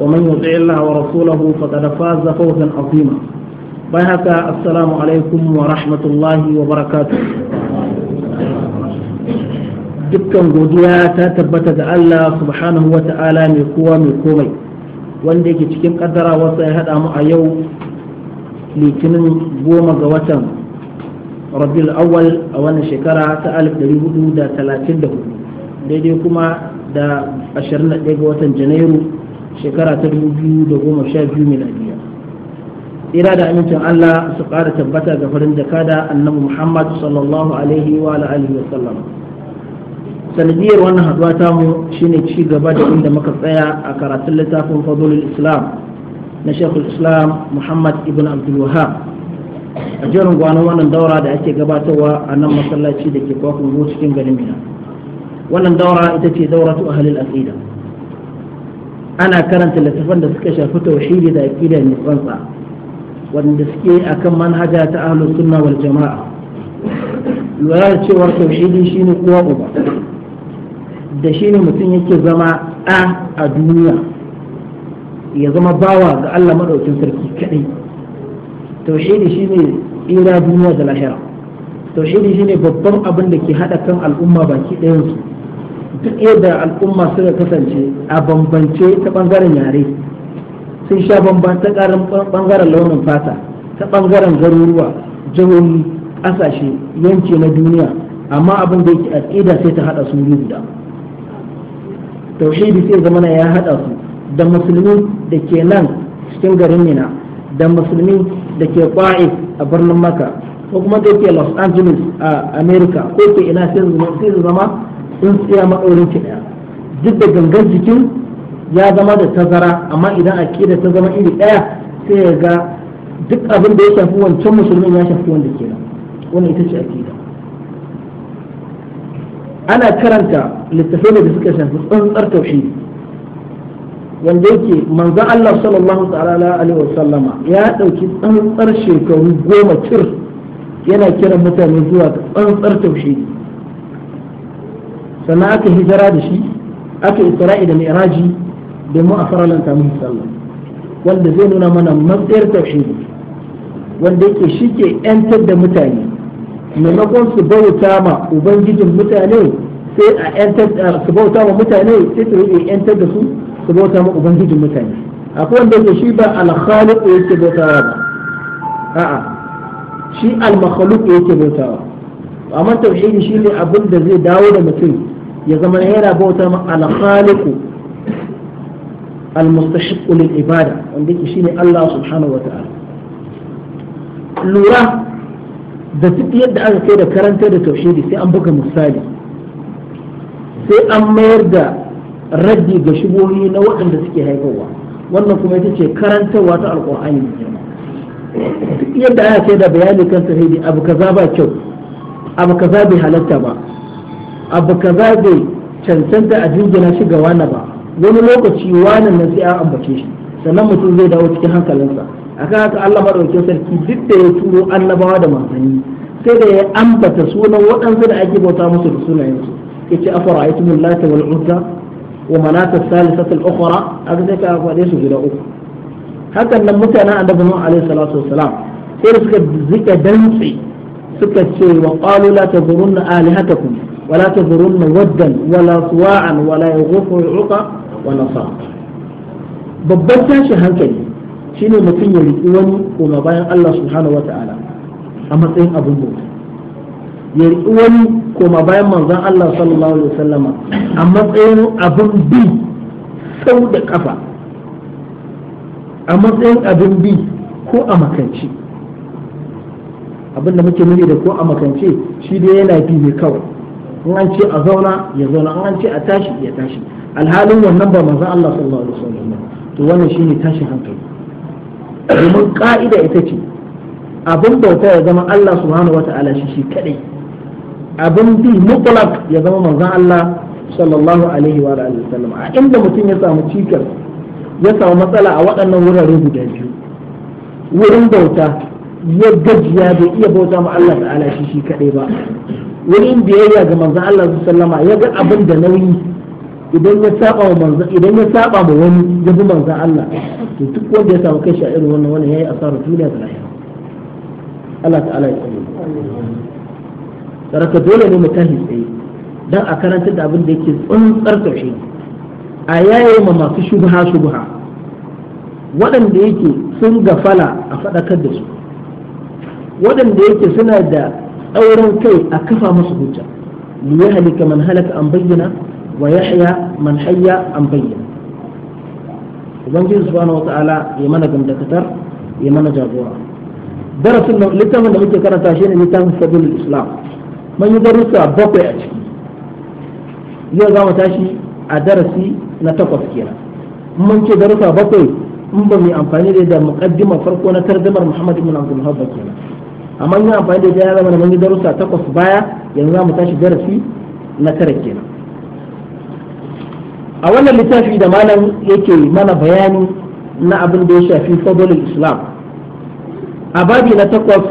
ومن يطع الله ورسوله فقد فاز فوزا عظيما بهك السلام عليكم ورحمة الله وبركاته dukkan godiya ta tabbata ga Allah subhanahu wa ta'ala mai kowa mai komai wanda yake cikin kaddara wasu ya haɗa mu a yau litinin goma ga watan rabil awal a wannan shekara ta 1434 daidai kuma da 21 ga watan janairu shekara ta 2012 miladiya ira da amincin Allah su ƙara tabbata ga farin jaka da annabi Muhammad sallallahu alaihi wa alihi wa sallam sanadiyar wannan haduwa ta mu shine ci gaba da inda muka tsaya a karatun littafin fadlul islam na shekul islam muhammad ibn abdul a jerin gwanon wannan daura da ake gabatarwa a nan masallaci da ke kwakwun cikin garin mina wannan daura ita ce dauratu ahlul aqida ana karanta littafan da suka shafi tauhidi da aqida ne tsantsa wanda suke akan manhaja ta ahlus sunna wal jama'a lura da cewa tauhidi shine kowa uba da shine mutum yake zama a a duniya ya zama bawa ga Allah madaukin sarki kadai tauhidi shine ira duniya da lahira tauhidi shine babban abin da ke hada kan al'umma baki ɗayansu. su duk yadda al'umma suka kasance a bambance ta bangaren yare sun sha bamban ta bangaren launin fata ta bangaren garuruwa jihohi ƙasashe yanki na duniya amma abin da yake aƙida sai ta haɗa su guda tauhidi sai zamana ya haɗa su da musulmi da ke nan cikin garin mina da musulmi da ke ƙwa'if a birnin maka ko kuma da ke los angeles a america ko ke ina sai zama sun tsaya matsayin ki ɗaya duk da gangan jikin ya zama da tazara amma idan da ta zama iri ɗaya sai ya ga duk abin da ya shafi wancan musulmin ya shafi wanda ke nan wannan ita ce akida ana karanta littafin da suka shafi tsantsar tauhidi wanda yake manzon Allah sallallahu ta'ala alaihi wasallama ya dauki tsantsar shekaru goma cir yana kiran mutane zuwa tsantsar tauhidi sannan aka hijira da shi aka isra'i da mi'raji domin a faralanta mun sallah wanda zai nuna mana matsayar tauhidi wanda yake shi ke yantar da mutane maimakon su bauta ma ubangijin mutane sai a yantar su bauta ma mutane sai su yi yantar da su su bauta ma ubangijin mutane akwai wanda yake shi ba al-khaliq yake bautawa ba a'a shi al-makhluq yake bautawa amma tauhidi shi ne abin da zai dawo da mutum ya zama yana bauta ma al-khaliqu ibada wanda yake shine Allah subhanahu wa ta'ala lura da duk yadda aka kai da karanta da tauhidi sai an buga misali sai an mayar da raddi ga shigohi na waɗanda suke haifarwa wannan kuma ita ce karantarwa ta alƙur'ani duk yadda aka kai da bayani kan tauhidi abu kaza ba kyau abu kaza bai halatta ba abu kaza bai cancanta a jingina shi ga wani ba wani lokaci wani nan sai an ambace shi sannan mutum zai dawo cikin hankalinsa akan haka Allah madaukakin sarki duk da ya turo annabawa da manzanni sai da ya ambata sunan waɗansu da ake bauta musu da sunayensu yace afara'aytum lata wal uzza wa manat salisata al-ukhra aka sai ka faɗe su guda uku hakan nan mutanen annabi Nuh alaihi salatu wassalam sai da suka zika dantse suka ce wa qalu la tazurunna alihatakum ولا تذرن ودا ولا صواعا ولا يغوث ويعوق ونصارا babban tashin hankali shine mutum ya riƙi wani koma bayan Allah subhanahu wa ta'ala a matsayin abin bauta ya riƙi wani koma bayan manzon Allah sallallahu alaihi wasallama a matsayin abin bi sau da kafa a matsayin abin bi ko a makance. abin da muke nuni da ko a makance shi dai yana bi ne kawai in an ce a zauna ya zauna in an ce a tashi ya tashi alhalin wannan ba manzon Allah sallallahu alaihi wasallam to wannan shine tashi hankali domin ka'ida ita ce abin bauta ya zama Allah subhanahu wata'ala shi shi kadai abin bi mutlaq ya zama manzon Allah sallallahu alaihi wa alihi wasallam a inda mutum ya samu cikar ya samu matsala a waɗannan wurare guda biyu wurin bauta ya gajiya bai iya bauta ma Allah ta'ala shi shi kadai ba wurin biyayya ga manzon Allah sallama ya ga abin da nauyi idan ya saba wa manzon idan ya saba ma wani ya bi manzon Allah to duk wanda ya samu kai shi a irin wannan wannan yayi asarar duniya da lahira Allah ta'ala ya tsare saraka dole ne mu tafi tsaye dan a karantar da abin da yake tsantsar taushe a yaye ma masu shubha shubha waɗanda yake sun gafala a faɗakar da su waɗanda yake suna da ɗaurin kai a kafa musu hujja liyahlika man halaka an bayyana wa yahya man hayya an bayyana ubangiji subhanahu wata'ala ya mana gamdakatar ya mana jagora darasin littafin da muke karanta shine littafin sabilul islam mun yi darussa bakwai a ciki yau za mu tashi a darasi na takwas kenan mun ce darussa bakwai in ba mu amfani da muqaddima farko na tarjumar Muhammad ibn Abdul Wahhab kenan amma yin amfani da ita ya zama da mun darussa takwas baya yanzu za mu tashi darasi na tara kenan a wannan littafi da malam yake mana bayani na abin da ya shafi fadolin islam a babi na takwas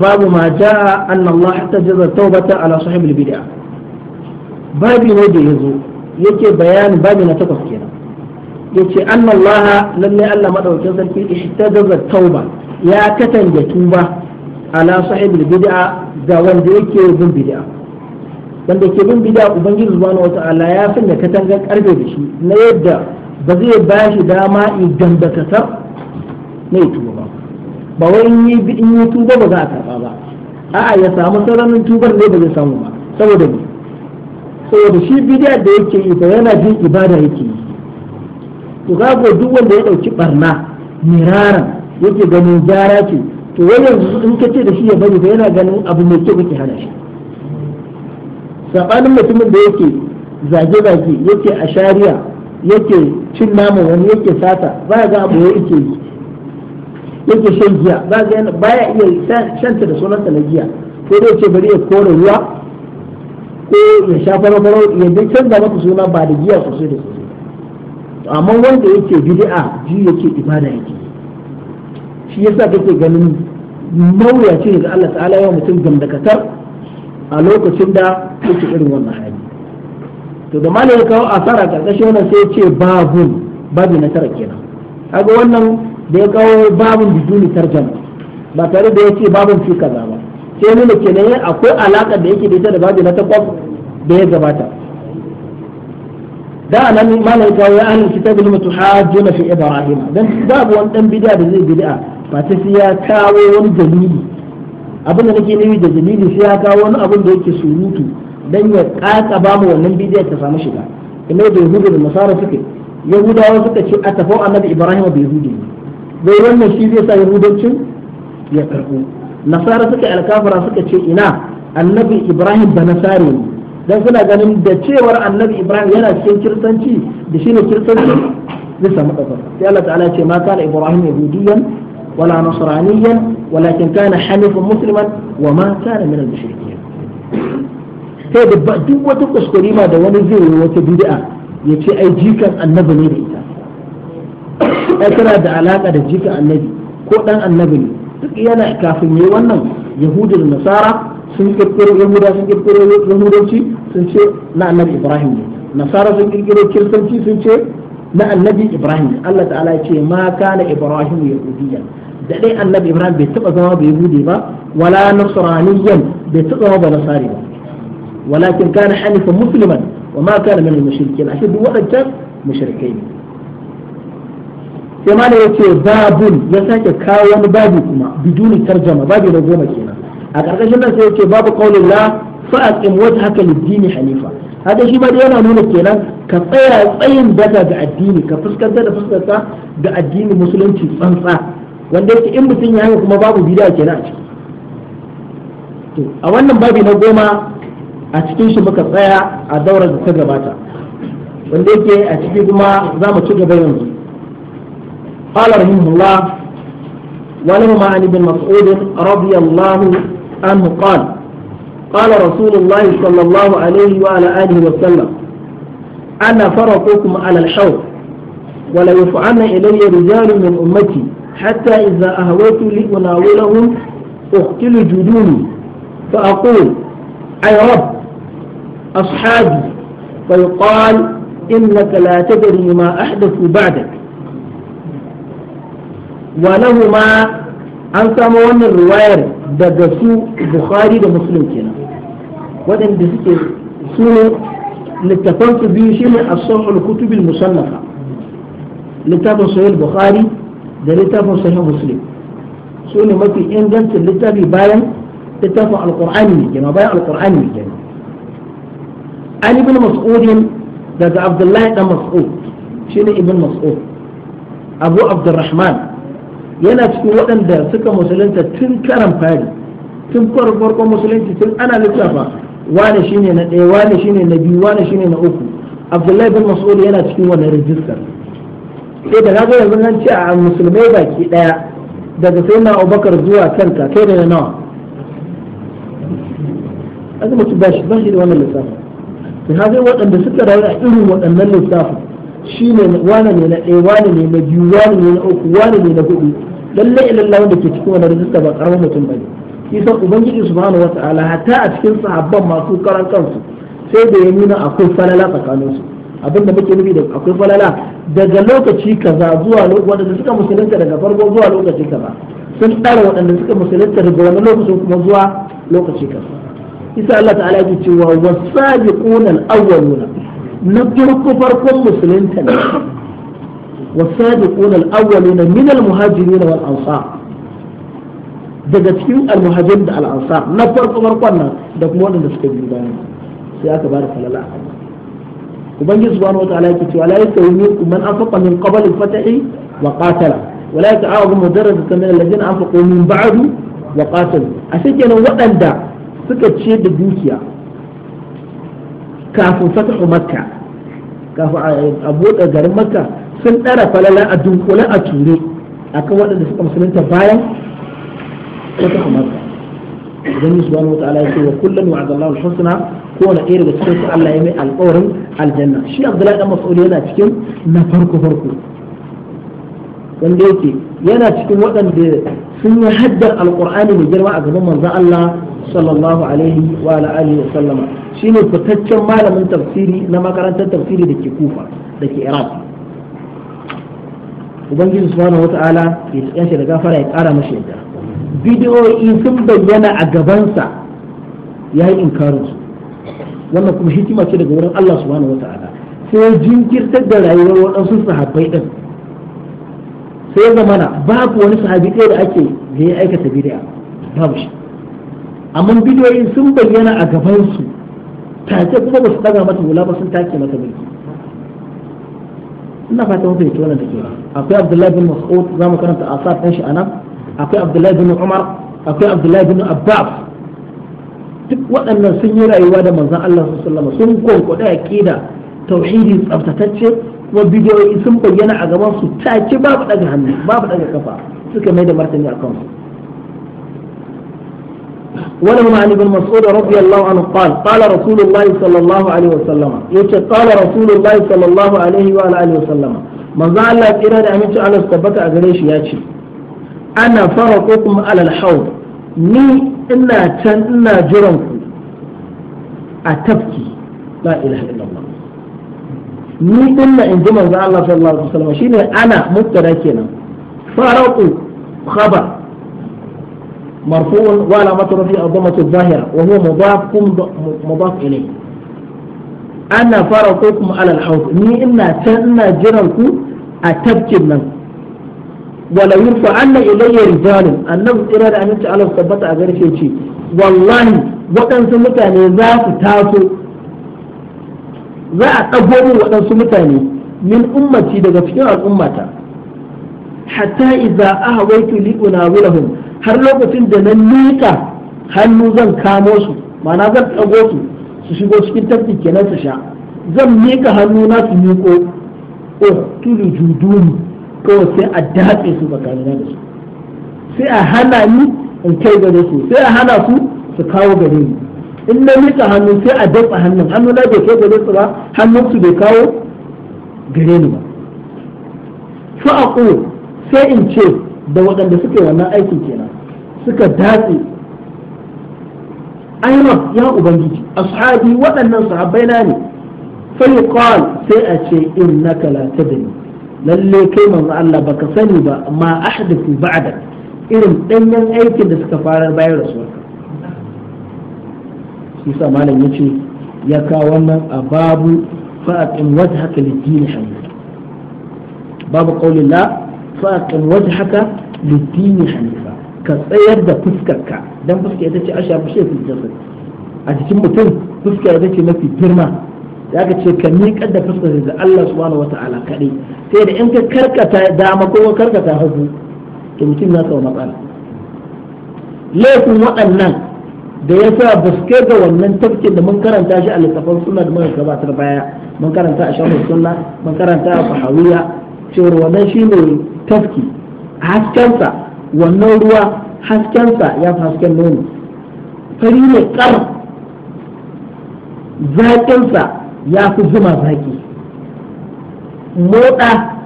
babu ma ja'a anna Allah tajaza tawbata ala sahibul bid'a babi ne da yazo yake bayani babi na takwas kenan yace anna Allah lalle Allah madaukakin sarki ihtajaza tauba ya katanga tuba ala sahibul bid'a ga wanda yake bin bid'a wanda ke bin bid'a ubangiji subhanahu wata'ala ya sanya katangar karfe da shi na yadda ba zai ba shi dama idan da kasar na tuba ba ba wai in yi tuba ba za a karba ba a'a ya samu sararin tubar ne ba zai samu ba saboda saboda shi bid'a da yake yi ba yana jin ibada yake yi to ga duk wanda ya dauki barna miraran yake ganin gyara ce to wai yanzu in ka ce da shi ya bari ba yana ganin abu mai kyau kake hana shi saɓanin mutumin da yake zage-zage yake a shari'a yake cin nama wani yake sata ba ga abu ya yake yi yake shan giya ba ya iya shanta da sunanta na giya ko dai ce bari ya kore ruwa ko ya sha farfarau ya dai canza maka suna ba da giya sosai da sosai amma wanda yake bid'a ji yake ibada yake shi yasa kake ganin mawuyaci ne ga Allah ta'ala yawa mutum gamdakatar a lokacin da yake irin wannan hali to da malam ya kawo asara karkashin wannan sai ya ce babun babu na tara kenan kaga wannan da ya kawo babun biduni tarjama ba tare da ya ce babun fi kaza ba sai nuna kenan akwai alaka da yake da ita da babu na takwas da ya gabata da anan malam ya kawo ya ahlul kitabul mutuhajjuna fi ibrahim dan babu wani dan bid'a da zai bid'a ba ta sai ya kawo wani dalili abin da nake nemi da dalili sai ya kawo wani abin da yake surutu dan ya kaka ba mu wannan bidiyar ta samu shiga kamar da yahudu da nasara suke. yahudawa suka ce a tafau annabi ibrahim da yahudi ne wai wannan shi zai sa yahudancin ya karbu nasara suka alkafara suka ce ina annabi ibrahim da nasare ne dan suna ganin da cewar annabi ibrahim yana cikin kirtanci da shine kirtanci zai samu ɗaukar sai Allah ta'ala ce ma kana ibrahim yahudiyan ولا نصرانيا ولكن كان حنيفا مسلما وما كان من المشركين sai da duk wata kuskure ma da wani zai yi wata bid'a ya ce ai jikan annabi ne da ita ai tana da alaka da jikan annabi ko dan annabi ne duk yana kafin yi wannan yahudu da nasara sun kirkiro yahuda sun kirkiro yahudanci sun ce na annabi ibrahim ne nasara sun kirkiro kiristanci sun ce na annabi ibrahim allah ta'ala ya ce ma kana ibrahim yahudiyya da dai annabi ibrahim bai taba zama bai yahudi ba wala nasraniyyan bai taba zama ba nasari ba walakin kana hanifan musliman wa ma kana min al-mushrikeen ashe duk wadannan mushrikai ne sai ma da yace babun ya sake kawo wani babu kuma biduni tarjama babu na goma kenan a karkashin nan sai yace babu qaulillah fa aqim wajhaka lid dini hanifa haka shi ba da yana nuna kenan ka tsaya tsayin daga ga addini ka fuskantar da fuskanta ga addini musulunci tsantsa wanda yake in mutum ya haka kuma babu bid'a kenan a ciki a wannan babi na goma a cikin shi muka tsaya a daura da ta gabata wanda yake a ciki kuma za mu ci gaba yanzu قال رحمه الله ولهما عن ابن مسعود رضي الله عنه قال قال رسول الله صلى الله عليه وعلى آله وسلم أنا فرقكم على الحوض وليفعلن إلي رجال من أمتي حتى إذا أهويت لأناولهم أقتل جدوني فأقول أي رب أصحابي فيقال إنك لا تدري ما أحدث بعدك ولهما an samu wannan riwayar daga su bukhari da muslim kenan waɗanda suke su ne littafan su biyu ne as-sahih kutubin musannafa littafin sahih bukhari da littafin sahih muslim su ne mafi ingancin littafi bayan littafin alqur'ani ne kenan bayan alqur'ani ne kenan an ibn mas'ud daga abdullahi dan mas'ud shine ibn mas'ud abu abdurrahman yana cikin waɗanda suka musulunta tun karan fari tun farkon musulunci tun ana littafa wane shine na ɗaya wane shine na biyu wane shine na uku abdullahi bin mas'ud yana cikin wannan rijistar sai da kaga yanzu an ce a musulmai baki ɗaya daga sai na abubakar zuwa kanka kai da nawa azumatu bashi bashi da wannan lissafin to haka waɗanda suka rayu a irin waɗannan lissafin shi ne wane ne na ɗaya wane ne na biyu wane ne na uku wane ne na hudu lalle ilalla wanda ke cikin wani rajista ba karamin mutum ne isa ubangiji subhanahu wa ta'ala hatta a cikin sahabban masu karan kansu sai da ya nuna akwai falala tsakanin su abin da muke nufi da akwai falala daga lokaci kaza zuwa lokaci da suka musulunta daga farko zuwa lokaci kaza sun ɗara waɗanda suka musulunta daga wani lokacin kuma zuwa lokaci kaza isa Allah ta'ala yake cewa wasabiquna al-awwaluna na farko farkon musulunta ne والسابقون الأولون من المهاجرين والأنصار daga cikin almuhajirin da al'ansar na farko farkon nan da kuma waɗanda suka biyu bayan sai aka ba da falala a ubangiji subhanahu wataala yake cewa la yasawi minkum man anfaqa min qabl al-fathi wa qatala wa la ta'awadu mudarratan min alladhina anfaqu min ba'du wa qatalu a shi kenan waɗanda suka ce da dukiya kafin fatahu makka kafin a buɗe garin makka sun ɗara falala a dunkule a ture a kan waɗanda suka musulunta bayan fatahu makka idan subhanahu wataala ya ce wa kullum wa azallahu husna kowane ɗaya daga cikin su Allah ya mai alƙawarin aljanna shi Abdullahi dan Mas'ud yana cikin na farko farko wanda yake yana cikin waɗanda sun yi haddar alƙur'ani mai girma a gaban manzon Allah sallallahu alaihi wa alihi wa sallama shine fitaccen malamin tafsiri na makarantar tafsiri da ke Kufa da ke Iraq ubangiji subhanahu wata'ala ya ci shi da gafara ya ƙara mashi yadda bidiyoyi sun bayyana a gabansa ya yi inkarin su wannan kuma hikima ce daga wurin Allah subhanahu wata'ala sai jinkirtar da rayuwar waɗansu sahabbai ɗin sai zamana babu wani sahabi ɗaya da ake da ya aikata bidi'a babu shi amma bidiyoyin sun bayyana a gabansu su take kuma ba su daga mata hula ba sun take mata mulki ina fata mun fahimci wannan da akwai Abdullahi bin Mas'ud zamu karanta asar ɗin shi anan akwai Abdullahi bin Umar akwai Abdullahi bin Abbas duk waɗannan sun yi rayuwa da manzon Allah sallallahu alaihi wasallam sun konkoda aqida tauhidi tsaftatacce kuma bidiyoyi sun bayyana a gaban su take babu daga hannu babu daga kafa suka mai da martani a kansu wani ma ibn mas'ud radiyallahu anhu qala qala rasulullah sallallahu alaihi wasallam yace qala rasulullah sallallahu alaihi wa alihi wasallam Allah ya kira da aminci Allah tabbata a gare shi ya ce ana farakukum ala al-hawd ni ina can ina jiran ku a tafki la ilaha illallah ni ina in ji manzo Allah sallallahu alaihi wasallam shine ana mutara kenan farqu khabar marfu'un wa la matru fi adamati zahira wa huwa mudafkum mudaf ilayhi ana farqukum ala al-hawf ni inna ta ina jiran ku a tafkin nan wala yurfa anna ilayya rijalun annabi tsira da annabi Allah tabbata a garke ce wallahi waɗansu mutane za su taso za a ɗago min waɗansu mutane min ummaci daga cikin al'ummata hatta idza ahawaitu li unawilahum har lokacin da na nika hannu zan kamo su ma'ana zan ɗago su su shigo cikin tafki kenan su sha zan mika hannu na su miko tulu juduni kawai sai a datse su tsakanina da su sai a hana ni in kai gare su sai a hana su su kawo gare ni in na miƙa hannu sai a dafa hannun hannu na bai kai gare su ba hannun su bai kawo gare ni ba fa aqul sai in ce da waɗanda suke wannan aikin kenan suka datse ayyuka ya ubangiji ashabi waɗannan su na ne sai yuqal sai a ce innaka da ni lalle kai manzo Allah baka sani ba ma ahdathu ba'da irin danyen aikin da suka fara bayar rasuwarka yasa malam yace ya kawo wannan a babu fa'aqim wajhaka lid-din hanifa babu qawli la fa'aqim wajhaka lid-din ka tsayar da fuskarka dan fuska ita ce ashabu shafi jasad a cikin mutum fuska ita ce mafi girma za ka ce ka miƙa da fuskar da Allah subhanahu wata'ala kaɗai sai da in ka karkata dama ko karkata hagu to mutum ya samu matsala laifin waɗannan da ya sa buske ga wannan tafkin da mun karanta shi a littafin suna da muka gabatar baya mun karanta a shafin suna mun karanta a fahawiya cewar wannan shi ne tafki haskensa wannan ruwa haskensa ya fi hasken nono fari ne kar zaƙinsa ya fi zuma zaƙi moɗa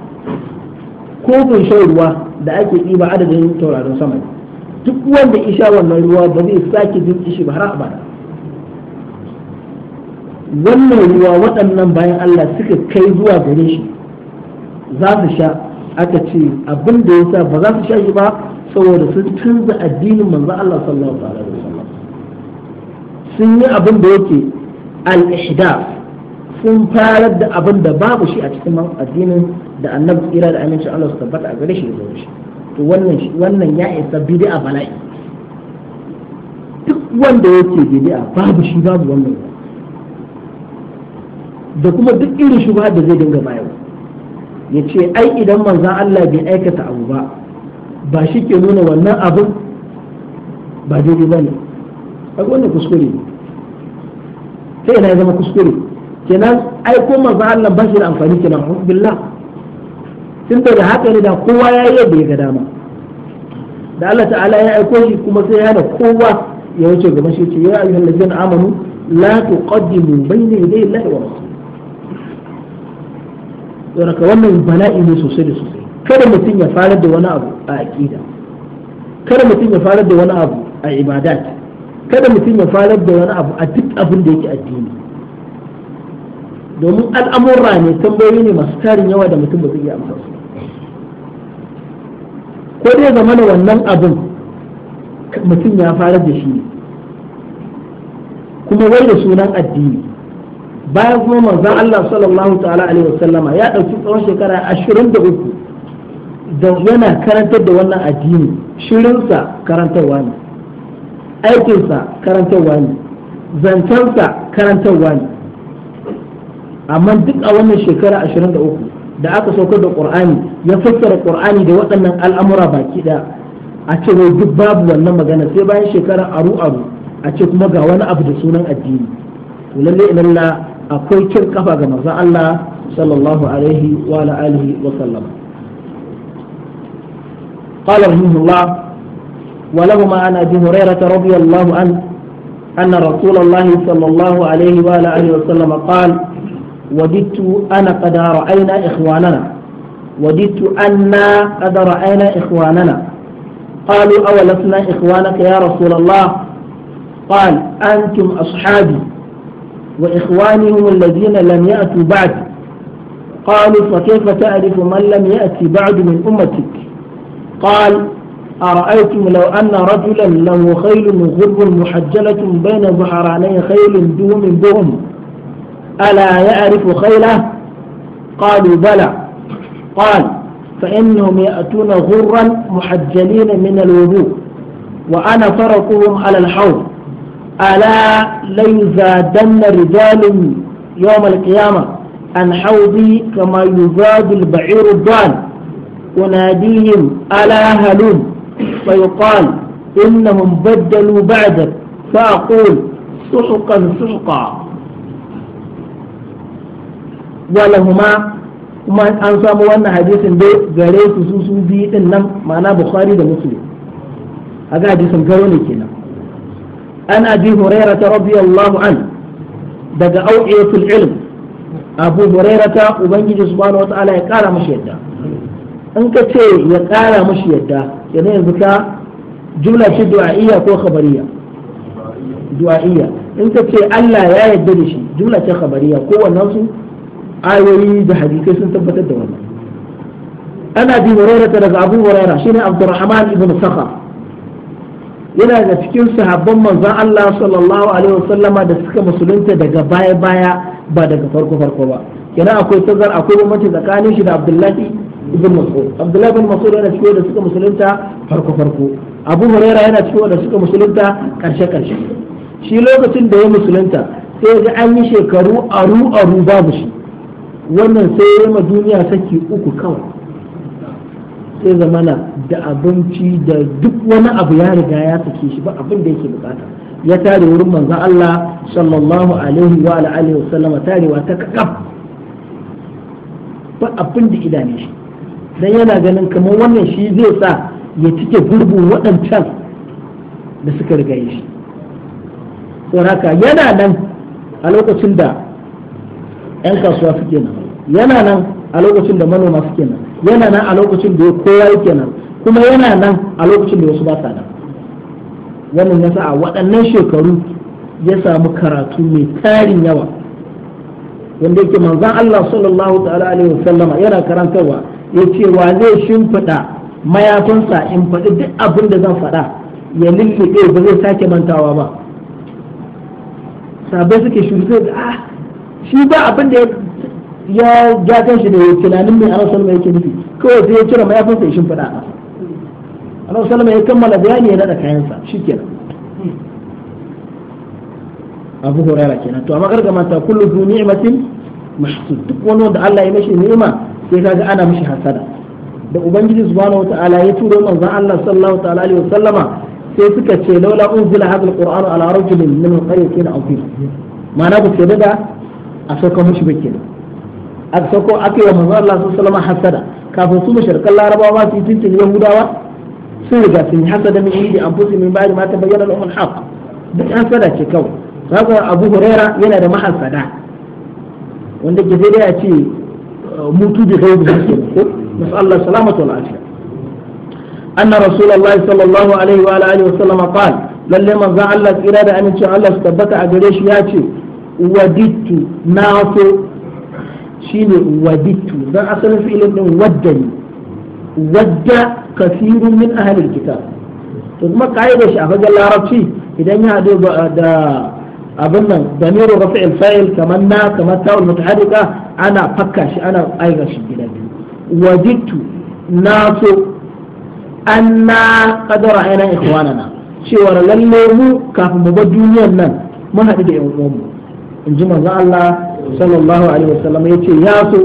kofin shan ruwa da ake ɗiba adadin tauraron sama ne duk wanda isha wannan ruwa ba zai sake jin kishi ba har abada wannan ruwa waɗannan bayan Allah suka kai zuwa gare shi za su sha aka ce abin da yasa ba za su sha shi ba saboda sun canza addinin manzo Allah sallallahu alaihi wasallam sun yi abin da yake al-ihdaf sun farar da abin da babu shi a cikin addinin da annabi tsira da aminci Allah su tabbata a gare shi da shi to wannan wannan ya isa bid'a bala'i duk wanda yake bid'a babu shi babu wannan da kuma duk irin shi da zai dinga bayarwa ya ce ai idan manzan Allah bai aikata abu ba ba shi ke nuna wannan abin ba daidai ba ne akwai wannan kuskure ne sai yana ya zama kuskure kenan ai ko manzan Allah ba shi da amfani kenan billah tun daga haka ne da kowa ya yi yadda ya ga dama da Allah ta'ala ya aiko shi kuma sai ya da kowa ya wuce gaban shi ce ya yi ladzina amanu la tuqaddimu bayna yaday Allahi wa yana ka wannan bala'i ne sosai da sosai kada mutum ya fara da wani abu a aqida kada mutum ya fara da wani abu a ibadat kada mutum ya fara da wani abu a duk abin da yake addini domin al'amurra ne tambayoyi ne masu tarin yawa da mutum ba zai iya amsa su ko dai zama da wannan abin mutum ya fara da shi kuma wai da sunan addini bayan kuma manzan Allah sallallahu ta'ala alaihi wasallama ya ɗauki tsawon shekara ashirin da uku da yana karantar da wannan addini shirinsa karantarwa ne aikinsa karantarwa ne zancensa karantarwa ne amma duk a wannan shekara ashirin da uku da aka saukar da ƙur'ani ya fassara qur'ani da waɗannan al'amura baki ɗaya a ce wai duk babu wannan magana sai bayan shekara aru aru a ce kuma ga wani abu da sunan addini to lalle ilalla akwai kin kafa ga manzon Allah sallallahu alaihi wa alihi wa sallama قال رحمه الله ولهما عن ana هريره رضي الله عنه ان رسول الله صلى الله عليه واله وسلم قال وددت انا قد راينا اخواننا وددت أنا قد رأينا إخواننا قالوا أولسنا إخوانك يا رسول الله قال أنتم أصحابي وإخواني هم الذين لم يأتوا بعد قالوا فكيف تعرف من لم يأتي بعد من أمتك قال أرأيتم لو أن رجلا له خيل غرب محجلة بين ظهراني خيل دوم بهم ألا يعرف خيله قالوا بلى قال فإنهم يأتون غرا محجلين من الوضوء وأنا فرقهم على الحوض ألا ليزادن رجال يوم القيامة عن حوضي كما يزاد البعير الضال وناديهم ألا هلوم فيقال إنهم بدلوا بعدك فأقول سحقا سحقا ولهما kuma an samu wannan hadisin dai gare su su su biyu din nan ma'ana bukhari da muslim haka hadisin garo ne kenan an abi hurairata radiyallahu an daga au'iyatul ilm abu hurairata ubangiji subhanahu wataala ya kara mashi yadda in ka ce ya kara mashi yadda kenan yanzu ka jumla ce du'a'iyya ko khabariya du'a'iyya in ka ce Allah ya yarda da shi jumla ce khabariya ko wannan su ayoyi da hadisai sun tabbatar da wannan ana bi hurairah daga abu hurairah shine abdurrahman ibn sakha yana da cikin sahabban manzon Allah sallallahu alaihi wasallama da suka musulunta daga baya baya ba daga farko farko ba kenan akwai tazar akwai bambanci tsakanin shi da abdullahi ibn mas'ud abdullahi ibn mas'ud yana cikin da suka musulunta farko farko abu huraira yana cikin da suka musulunta karshe karshe shi lokacin da ya musulunta sai ga an yi shekaru aru aru babu shi wannan sai ya ma duniya saki uku kawai sai zamana da abinci da duk wani abu ya riga ya sake shi ba abin da yake bukata ya tare wurin manzon Allah sallallahu alaihi wa alihi wasallama tarewa ta kakaf ba abin da idane shi dan yana ganin kamar wannan shi zai sa ya cike gurbin waɗancan da suka riga shi saboda haka yana nan a lokacin da 'yan kasuwa suke nan yana nan a lokacin da manoma suke nan yana nan a lokacin da kowa yake nan kuma yana nan a lokacin da wasu ba sa nan wannan yasa a waɗannan shekaru ya samu karatu mai tarin yawa wanda yake manzan Allah sallallahu ta'ala alaihi wasallama yana karantarwa ya ce wa zai shimfiɗa mayafinsa in faɗi duk abin da zan faɗa ya lulluɓe ba zai sake mantawa ba sabai suke shuru sai ah shi ba abin da ya ja kan shi da tunanin mai Allah mai yake nufi kawai sai ya cire mayafin sai shin fada Allah mai ya kammala bayani ya nada kayansa shikenan Abu Hurairah kenan to amma karga mata kullu zu ni'matin mahsud duk wani wanda Allah ya mashi ni'ima sai kaga ana mashi hasada da ubangiji subhanahu wataala ya turo manzon Allah sallallahu ta'ala alaihi wasallama sai suka ce laula unzila hadha alqur'anu ala rajulin min alqaryatin ma na ba sai daga a sauko mashi ba kenan a sauko ake yi wa manzo Allah sallallahu alaihi hasada kafin su mushrikan larabawa su yi tintin yahudawa sun riga sun yi hasada min indi an fusi min ba'di ma tabayyana lahum al-haq duk hasada ce kawai haka Abu Huraira yana da mahasada wanda ke sai dai ce uh, mutu bi ghaibi ko masallallahu salamatu wal afiya أن رسول الله alaihi wa عليه wa آله وسلم قال lalle manzon Allah tsira da amincin Allah su tabbata a gare shi ya ce wadittu na so shine wadittu don asalin filin din ne wadda kasirun min ahlil kitab to kuma kaida shi a fagen larabci idan ya da abin nan da mero rafi'il fa'il kamar na kamar ta'ul mutaharrika ana fakka shi ana aiga shi gida biyu wadittu na so anna qadara aina ikhwanana cewa lalle mu kafin mu ba duniyar nan mun haɗu da yan uwanmu in ji manzo Allah sallallahu alaihi wasallam ya ce ya so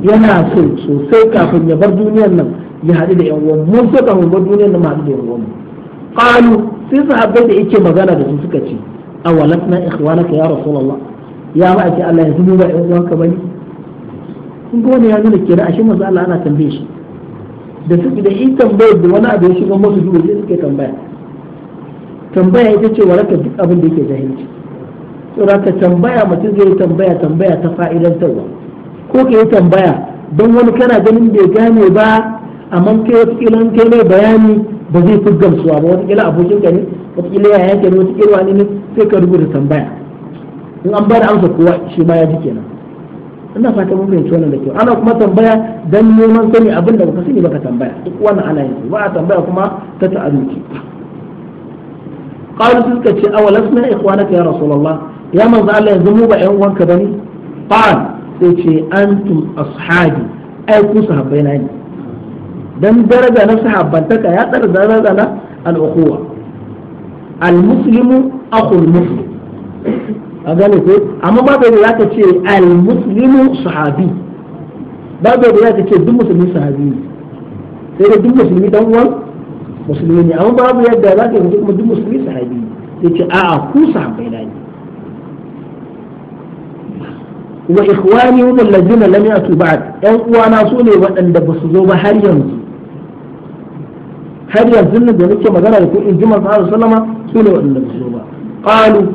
yana so sosai kafin ya bar duniyar nan ya haɗu da yan uwan mun so kafin bar duniyar nan mu haɗu da yan uwan qalu sai sahabbai da yake magana da su suka ce awalatna ikhwanaka ya rasulullah ya ma ake Allah ya zubo ba yan ka bane kun ga wani ya nuna kenan ashe manzo Allah ana tambaye shi da suke da yi tambayar da wani abu ya shiga masu duhu sai suke tambaya tambaya ita ce raka duk abin da yake jahilci saboda ka tambaya mutum zai tambaya tambaya ta tawa ko ka yi tambaya don wani kana ganin bai gane ba amma kai wata kila kai mai bayani ba zai fi gamsuwa ba wata kila abokin ka ne wata kila yaya ka ne wata kila wani ne sai ka rubuta tambaya in an bada amsa kowa shi ma ya ji kenan ina fata mun fahimci wannan da kyau ana kuma tambaya dan neman sani abin da baka sani baka tambaya duk wannan ana yin ba a tambaya kuma ta ta'alluki qalu suka ce إخوانك يا ya الله ya manzo Allah yanzu mu ba ƴan uwanka bane qal sai ce antum ashabi ai ku sahabbai na ne dan daraja na sahabbantaka ya tsara daraja na al-ukhuwa al-muslimu akhul muslim a gane ko amma ba da zaka ce al-muslimu sahabi ba da zaka ce duk musulmi sahabi ne sai da duk musulmi dan uwan musulmi ne amma babu yadda zaka yi kuma duk musulmi sahabi ne sai ce a'a ku sahabbai na ne wa ikhwani hum allazina lam yatu ba'd ɗan uwana su ne waɗanda ba su zo ba har yanzu har yanzu nan da nake magana da ku in jima sallallahu sallama su ne waɗanda ba su zo ba qalu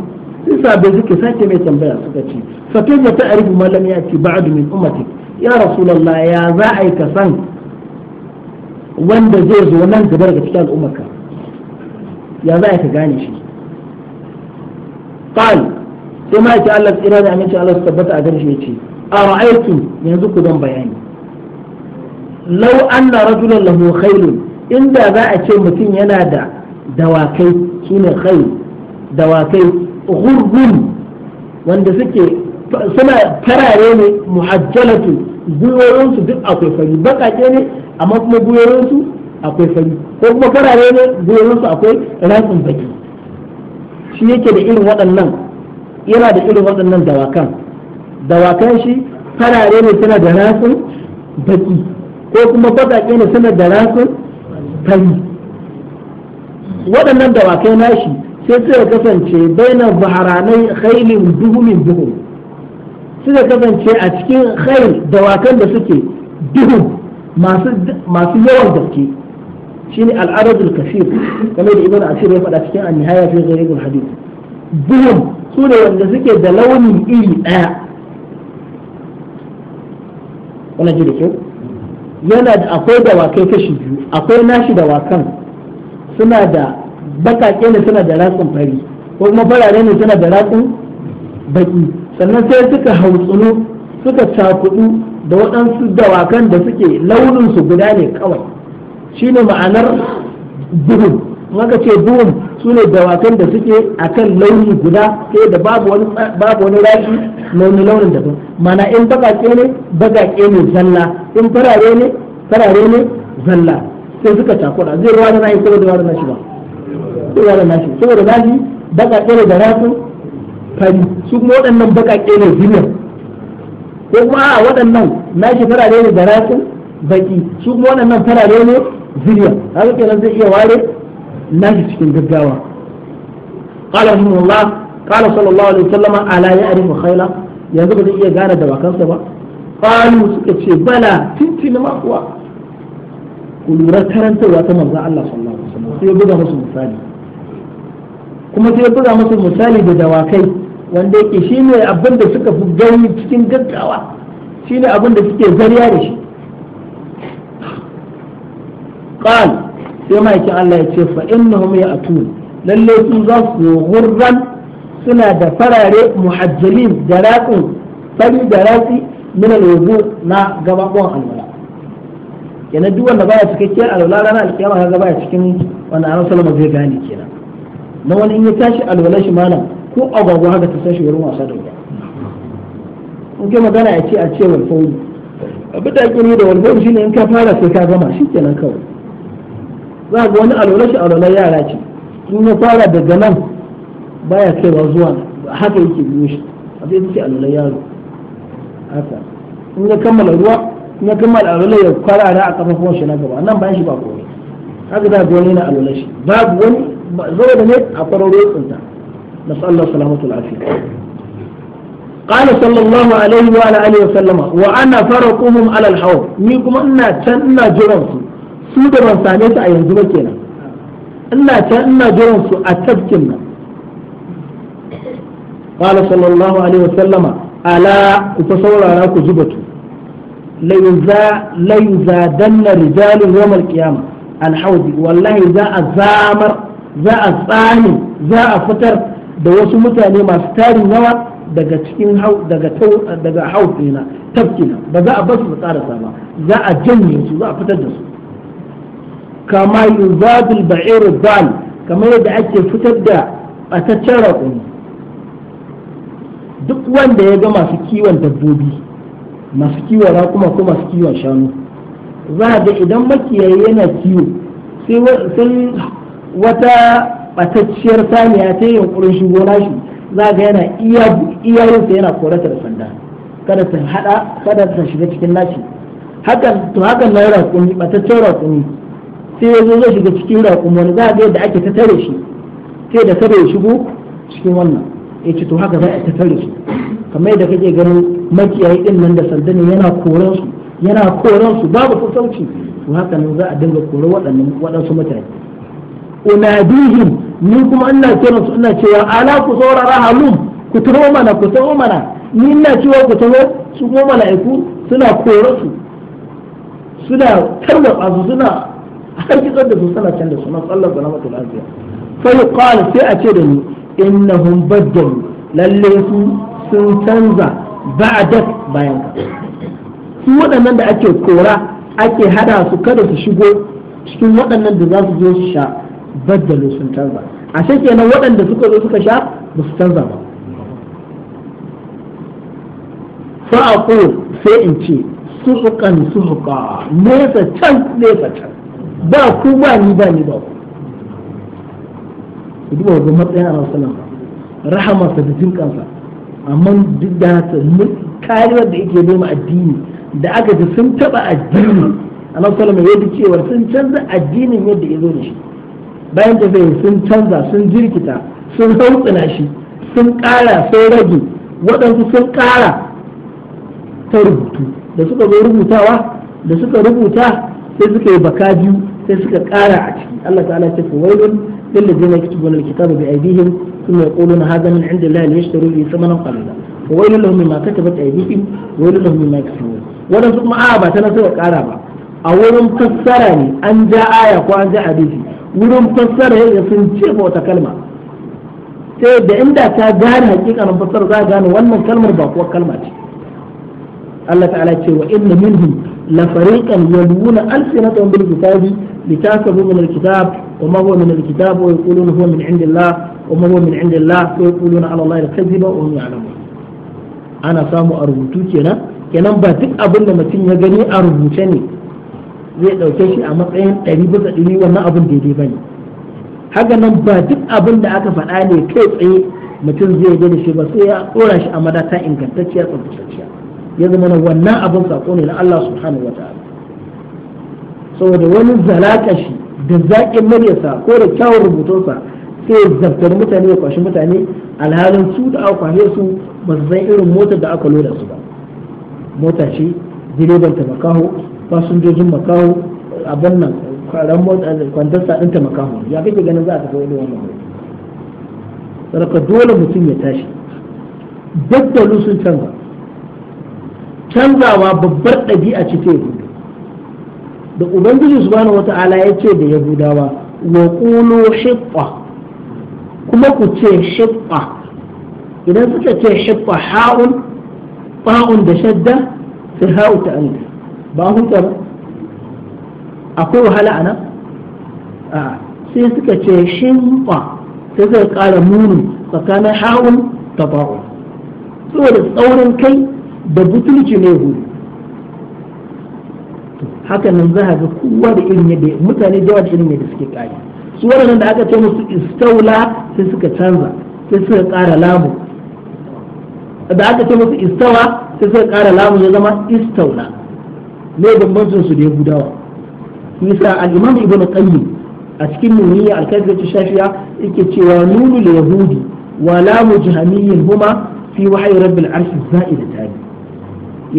sai sabai suke sake mai tambaya suka ce fa kayfa ta'rifu ma lam yati ba'd min ummatik ya rasulullah ya za a yi ka san wanda zai zo nan gaba daga cikin al'ummarka ya za a yi ka gane shi qalu sai ma yake Allah tsira da aminci Allah su tabbata a garshe ya ce a ra'aitu yanzu ku zan bayani law anna rajulan lahu khairun inda za a ce mutum yana da dawakai shine khair dawakai ghurbun wanda suke suna tarare ne muhajjalatu su duk akwai fari bakake ne amma kuma su akwai fari ko kuma farare ne su akwai ratsin baki shi yake da irin waɗannan yana da irin waɗannan dawakan dawakan shi farare ne suna da rasun baki ko kuma baƙaƙe ne suna da rasun fari waɗannan dawakai nashi sai suka kasance bainar baharanai khailin duhumin duhum suka kasance a cikin khail dawakan da suke duhu masu yawan gaske shine al'adadul kafir kamar da ibn asir ya faɗa cikin an-nihaya fi gharibul hadith duhum su ne wanda suke da launi iri ɗaya wani ji da yana da akwai dawakai kashi biyu akwai nashi dawakan suna da bakake ne suna da ratsin fari ko kuma farare ne suna da ratsin baki sannan sai suka hautsunu suka cakudu da waɗansu dawakan da suke launin su guda ne kawai shine ma'anar duhun maka ce duhun su ne dawakan da suke a kan launi guda sai da babu wani na wani rashi launi launin daban mana in baƙaƙe ne baƙaƙe ne zalla in farare ne farare ne zalla sai suka takura zai ruwa da nashi ko da ruwa da nashi ba zai ruwa da nashi saboda nashi baƙaƙe ne da rasu fari su kuma waɗannan baƙaƙe ne zillar ko kuma a waɗannan nashi farare ne da rasu baki su kuma waɗannan farare ne zillar haka kenan zai iya ware nashi cikin gaggawa qala rahimahullah qala sallallahu alaihi wasallam ala ya'rifu khayla yanzu ba zai iya gane dawakansa ba qalu suka ce bala tintina ma kuwa lura karantarwa ta manzon Allah sallallahu alaihi wasallam sai ya buga musu misali kuma sai ya buga musu misali da dawakai wanda yake shi ne abin da suka fi gani cikin gaggawa shi ne abin da suke zariya da shi قال sai ma'aikin Allah ya ce fa innahum ya'tun lalle su za su hurran suna da farare muhajjalin da ratsin fari da ratsi min alwudu na gababuwan alwala kenan duk wanda baya cikakkiyar alwala ranar alkiyama kaga baya cikin wanda annabi sallallahu alaihi wasallam zai gane kenan wani in ya tashi alwala shi malam ko agwagwa haka ta tashi wurin wasa da wuya in kai magana ya ce a ce walfawu abin da ake da walfawu ne in ka fara sai ka gama shi kenan kawai za ga wani alwala shi alwala yara ce in ya fara daga nan baya kaiwa zuwa haka yake biyo shi a zai ce alwala yaro haka in ya kammala ruwa in ya kammala alwala ya kwarara a kafafuwan shi na gaba nan bayan shi ba komai haka za ga wani na alwala shi babu wani zama da ne a kwararo tsinta nasu Allah salamatu lafiya قال صلى الله عليه وعلى اله وسلم وانا فرقهم على الحوض ني كما ان كان جرمت su da ban same su a yanzu ba kenan ina can ina jiran su a tafkin nan قال صلى الله عليه وسلم layuza كتصور على كجبته لا يزادن رجال wallahi za a zamar za a ذا za a fitar da wasu mutane masu tarin yawa daga cikin daga daga tafkina ba za a basu su tsara ba za a janye su za a fitar da su kama yuzadul ba'ir zal kamar yadda ake fitar da bataccen raƙumi duk wanda ya ga masu kiwon dabbobi masu kiwon raƙuma ko masu kiwon shanu za a ga idan makiyayi yana kiwo sai wata batacciyar saniya ta yi yunkurin shigo nashi za ga yana iyayensa yana korata da sanda kada ta hada kada ta shiga cikin nashi hakan to hakan na raƙumi bataccen raƙumi sai ya zo zai shiga cikin raƙon wani za a ga yadda ake ta tare shi sai da tare ya shigo cikin wannan ya ce to haka za a ta tare su kamar yadda kake ganin makiyayi din nan da sanda ne yana koran su yana koran su babu sassauci to haka nan za a dinga koran waɗannan waɗansu mutane unadihim ni kuma ina kiran su ina cewa ala ku saurara halum ku taho mana ku taho mana ni ina cewa ku taho su goma mala'iku suna koran su suna tarwatsa su suna har kitsar da su sana can su na tsallar da lafiya sai yuqal sai a ce da ni hun baddan lalle su sun canza ba'dak bayan ka su waɗannan da ake kora ake hada su kada su shigo cikin waɗannan da za su zo su sha baddalo sun canza a kenan waɗanda suka zo suka sha ba su canza ba fa ko sai in ce su su suhuqa nesa can nesa can ba ku ba ni ba ni ba ku duba ga matsayin a sallallahu alaihi rahama ta jin kansa amma duk da haka kariyar da yake zama addini da aka ji sun taba addini a sallallahu alaihi yadda cewar sun canza addinin yadda ya zo da shi bayan da zai sun canza sun jirkita sun hautsina shi sun ƙara sun rage waɗansu sun ƙara ta rubutu da suka zo rubutawa da suka rubuta sai suka yi baka biyu sai suka kara a ciki Allah ta'ala ce fa wailun lil ladina yaktubuna alkitaba bi aydihim thumma yaquluna hadha min indillahi liyashtaru bi thamanan qalila fa wailun lahum mimma katabat aydihim wa wailun lahum mimma yaksubun wannan kuma a ba ta na suka ƙara ba a wurin fassara ne an ja aya ko an ja hadisi wurin fassara yadda sun ce ba wata kalma sai da inda ta gane hakikanin fassara za a gane wannan kalmar ba kuwa kalma ce Allah ta'ala ce wa inna minhum la fariqan yaluna alsinatahum bil kitabi لتأكلوا من الكتاب وما هو من الكتاب ويقولون هو من عند الله وما هو من عند الله ويقولون على الله الكذب وهم يعلمون أنا سام أربطو كنا كنا باتك أبن ما تين يغني أربطني zai ɗauke shi a matsayin ɗari bisa ɗari wannan abin daidai ba ne haka ba duk abin da aka faɗa ne kai tsaye mutum zai gani shi ba sai ya ɗora shi a madata ingantacciya tsabtacciya ya zama wannan abun sako ne na Allah saboda wani zalakashi shi da zaƙin muryarsa ko da kyawun rubutunsa sai zartar mutane ya kwashi mutane alhalin su da aka kwashe su ba su san irin motar da aka loda su ba mota ce direban ta makaho fasinjojin makaho abin nan kwaran kwantarsa ɗin ta makaho ya kake ganin za a tafi wani wannan sarka dole mutum ya tashi daddalu sun canza canzawa babbar ɗabi'a ce ta yi da ubangiji subhanahu wata'ala ya ce da yahudawa wa qulu hiqqa kuma ku ce hiqqa idan suka ce hiqqa ha'un ba'un da shadda sai ha'u ta'anid ba huta ba akwai wahala ana sai suka ce shimfa sai zai kara muni tsakanin ha'un ta ba'un saboda tsaurin kai da butulci ne hudu haka nan za ga kowa da irin yadda mutane da da irin yadda suke kare su waɗannan da aka ce musu istaula sai suka canza sai suka ƙara lamu da aka ce musu istawa sai suka ƙara lamu ya zama istaula ne bambancin su da ya gudawa nisa al-imam ibn qayyim a cikin nuniya al-kafiyatu shafiya yake cewa nunu yahudi wa lamu jahamiyyin huma fi wahyi rabbil arsh za'ida tabi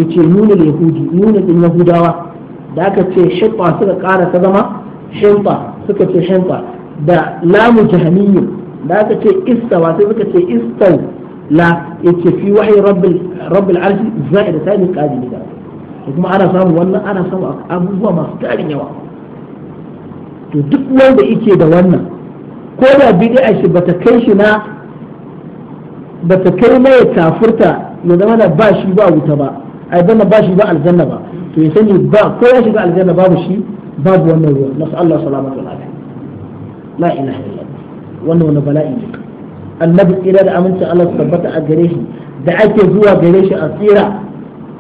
yace nunu yahudi nunu din yahudawa da aka ce shimfa suka kara ta zama shimfa suka ce shimfa da lamu jahaniyu da aka ce istawa sai suka ce istau la yace fi wahayi rabbil arshi za'ida ta ne kaji ne da kuma ana samu wannan ana samu abubuwa masu tarin yawa to duk wanda yake da wannan ko da bid'a shi bata kai shi na bata kai mai kafurta ya zama da ba shi ba wuta ba ai zama ba shi ba aljanna ba to ya sani ba ko ya shiga aljanna babu shi babu wannan ruwa nasu Allah salamatu lafiya la ilaha illallah wannan wani bala'i ne annabi tsira da amincin Allah su tabbata a gare shi da ake zuwa gare shi a tsira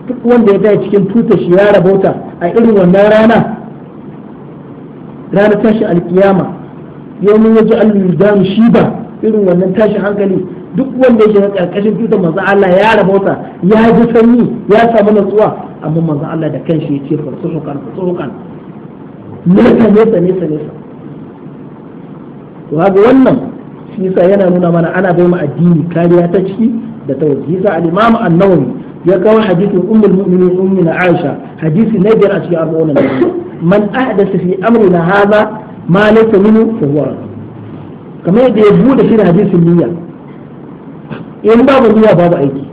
duk wanda ya tashi cikin tuta shi ya rabauta a irin wannan rana ranar tashi alkiyama yau mun yaji al shi ba irin wannan tashi hankali duk wanda ya shiga karkashin tutar manzo Allah ya rabauta ya ji sanyi ya samu nutsuwa amma manzo Allah da kanshi ya ce farsuhukan farsuhukan nesa nesa nesa nesa to haka wannan shi yana nuna mana ana bai mu addini kariya ta ciki da tawajji sa al-Imam an-Nawawi ya kawo hadisin ummul mu'minin na Aisha hadisi na biyar a cikin arba'un man ahdatha fi amrina hadha ma laysa minhu fa huwa kamar yadda ya bude shi hadisin niyya in babu niyya babu aiki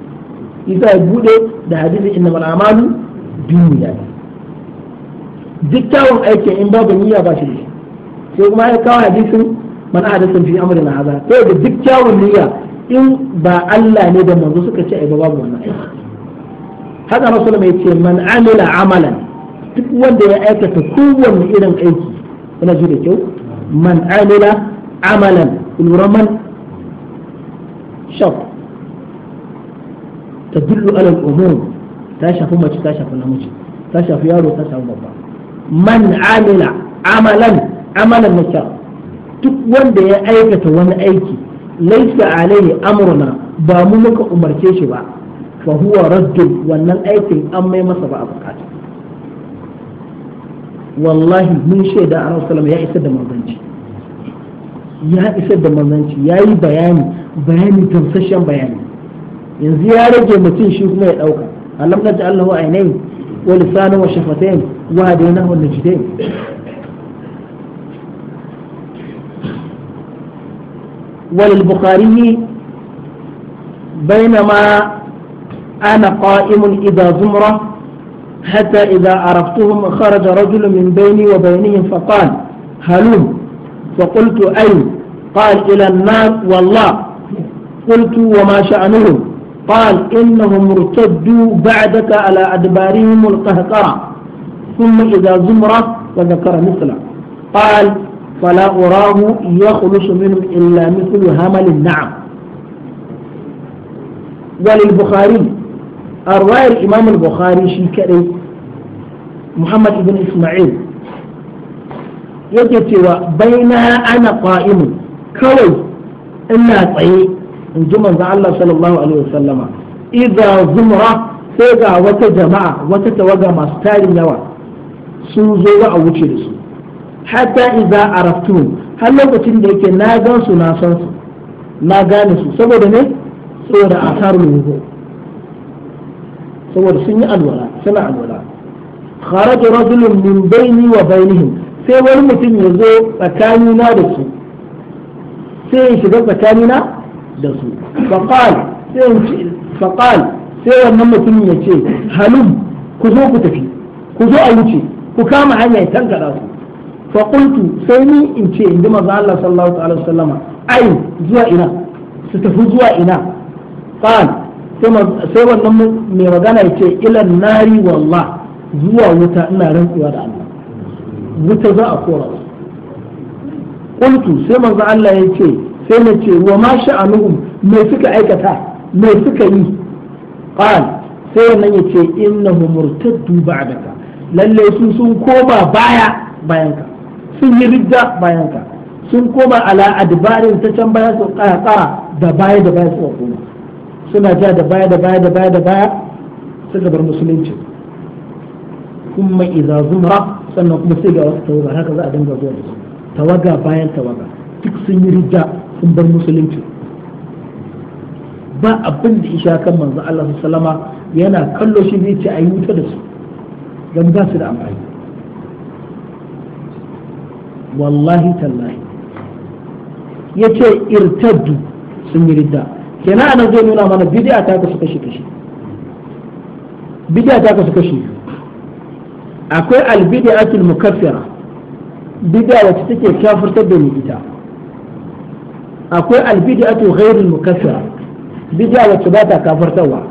isa ya bude da hadisi innamal a'malu binniyat duk kyawun aikin in babu niyya ba shi sai kuma ya kawo hadisin man ahdatha fi amrina hadha to da duk kyawun niyya in ba Allah ne da manzo suka ce ai babu wannan aiki haka rasul mai ce man amila amalan duk wanda ya aikata kowanne irin aiki kuna ji da kyau man amila amalan lura man shaf tadullu ala al-umur ta shafi namiji ta shafi yaro ta shafi babba man amila amalan amalan nakar duk wanda ya aikata wani aiki laisa alaihi amruna ba mu muka umarce shi ba fa huwa raddun wannan aikin an mai masa ba a bukata wallahi mun shaida a ya da yayi bayani bayani tamsashen bayani yanzu ya rage mutum shi kuma ya dauka alam na ja'al lahu ainain wa lisanan وللبخاري بينما أنا قائم إذا زمرة حتى إذا عرفتهم خرج رجل من بيني وبينهم فقال هلوم فقلت أي قال إلى النار والله قلت وما شأنهم قال إنهم ارتدوا بعدك على أدبارهم القهقرة ثم إذا زمرة وذكر مثله قال فلا أراه يخلص منهم إلا مثل همل النعم وللبخاري الرواية الإمام البخاري شيكري محمد بن إسماعيل يجتوى بينها أنا قائم كوي kawai طيب in ji manzon Allah sallallahu alaihi wasallama idza zumra sai ga wata jama'a wata tawaga masu tarin yawa sun zo za a wuce da su hatta idza araftum har lokacin da yake na gan su na san su na gane su saboda ne saboda a asarul wudu saboda sun yi alwala suna alwala kharaja rajulun min baini wa bainihim sai wani mutum ya zo tsakanina da su sai ya shiga tsakanina da su faqal sai faqal sai wannan mutumin ya ce halum ku zo ku tafi ku zo a wuce ku kama hanya ya tankara su faƙultu sai ni in ce in ji maza Allah sallallahu alaihi wasallama ai zuwa ina su tafi zuwa ina qal sai wannan mai magana ya ce ilan nari wallah zuwa wuta ina rantsuwa da Allah wuta za a kora su qultu sai maza Allah ya ce sai mu ce wa ma sha'anuhum me suka aikata me suka yi qal sai wannan yace innahu murtaddu ba'daka lalle su sun koma baya bayanka sun yi ridda bayanka sun koma ala adbarin ta can baya su kara da baya da baya su koma suna ja da baya da baya da baya da baya suka bar musulunci kuma idza zumra sannan kuma sai ga wasu tawaga haka za a dinga zuwa da su tawaga bayan tawaga duk sun yi ridda sun bar musulunci ba abin da isha kan manzo Allah sallama yana kallo shi zai ce a yi wuta da su don ba su da amfani wallahi tallahi ya ce irtaddu sun yi ridda kenan anan zai nuna mana bidiya ta kasu kashi kashi bidiya ta kasu kashi akwai albid'atul mukaffira bidiya wacce take kafirtar da mu ita akwai albid'atu ghairul mukaffira bid'a wacce ba ta kafartarwa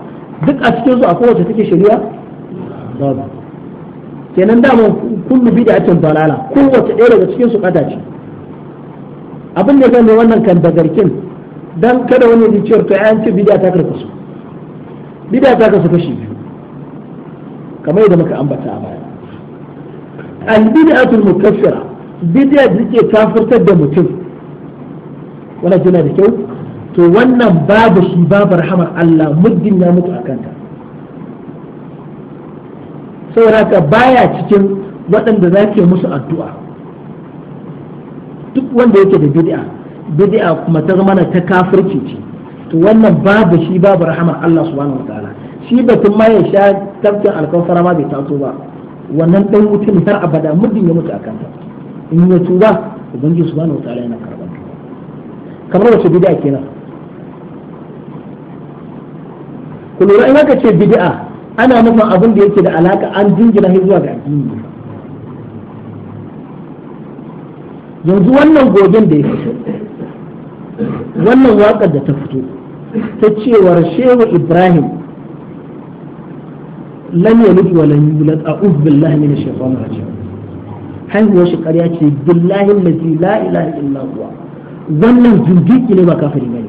duk a cikin su akwai wacce take shari'a babu kenan dama kullu bid'atin dalala wacce ɗaya daga cikin su kada ce abin da zan wannan kan dagarkin dan kada wani ya ce to an ce bid'a ta karka su bid'a ta kasu kashi biyu kamar yadda muka ambata a baya al bid'atul mukaffira bid'a da take kafartar da mutum wala jina da kyau to wannan babu shi babu rahamar Allah muddin ya mutu a kanta saboda haka baya cikin waɗanda za ke musu addu'a duk wanda yake da bid'a bid'a kuma ta zama na ta kafirci ce to wannan babu shi babu rahamar Allah subhanahu wataala shi batun ma ya sha tafkin alkawfara ma bai taso ba wannan dan mutum har abada muddin ya mutu a kanta in ya tuba ubangiji subhanahu wataala yana karɓa kamar wace bid'a kenan ku lura in aka ce bid'a ana nufin abin da yake da alaka an jingina shi zuwa ga addini yanzu wannan gogen da ya fito wannan waƙar da ta fito ta cewar shehu ibrahim lam yalid wa lam yulad a'udhu billahi minash shaitanir rajim haihuwar shi ƙarya ce billahi allazi la ilaha illa huwa wannan zindiki ne ba kafiri ne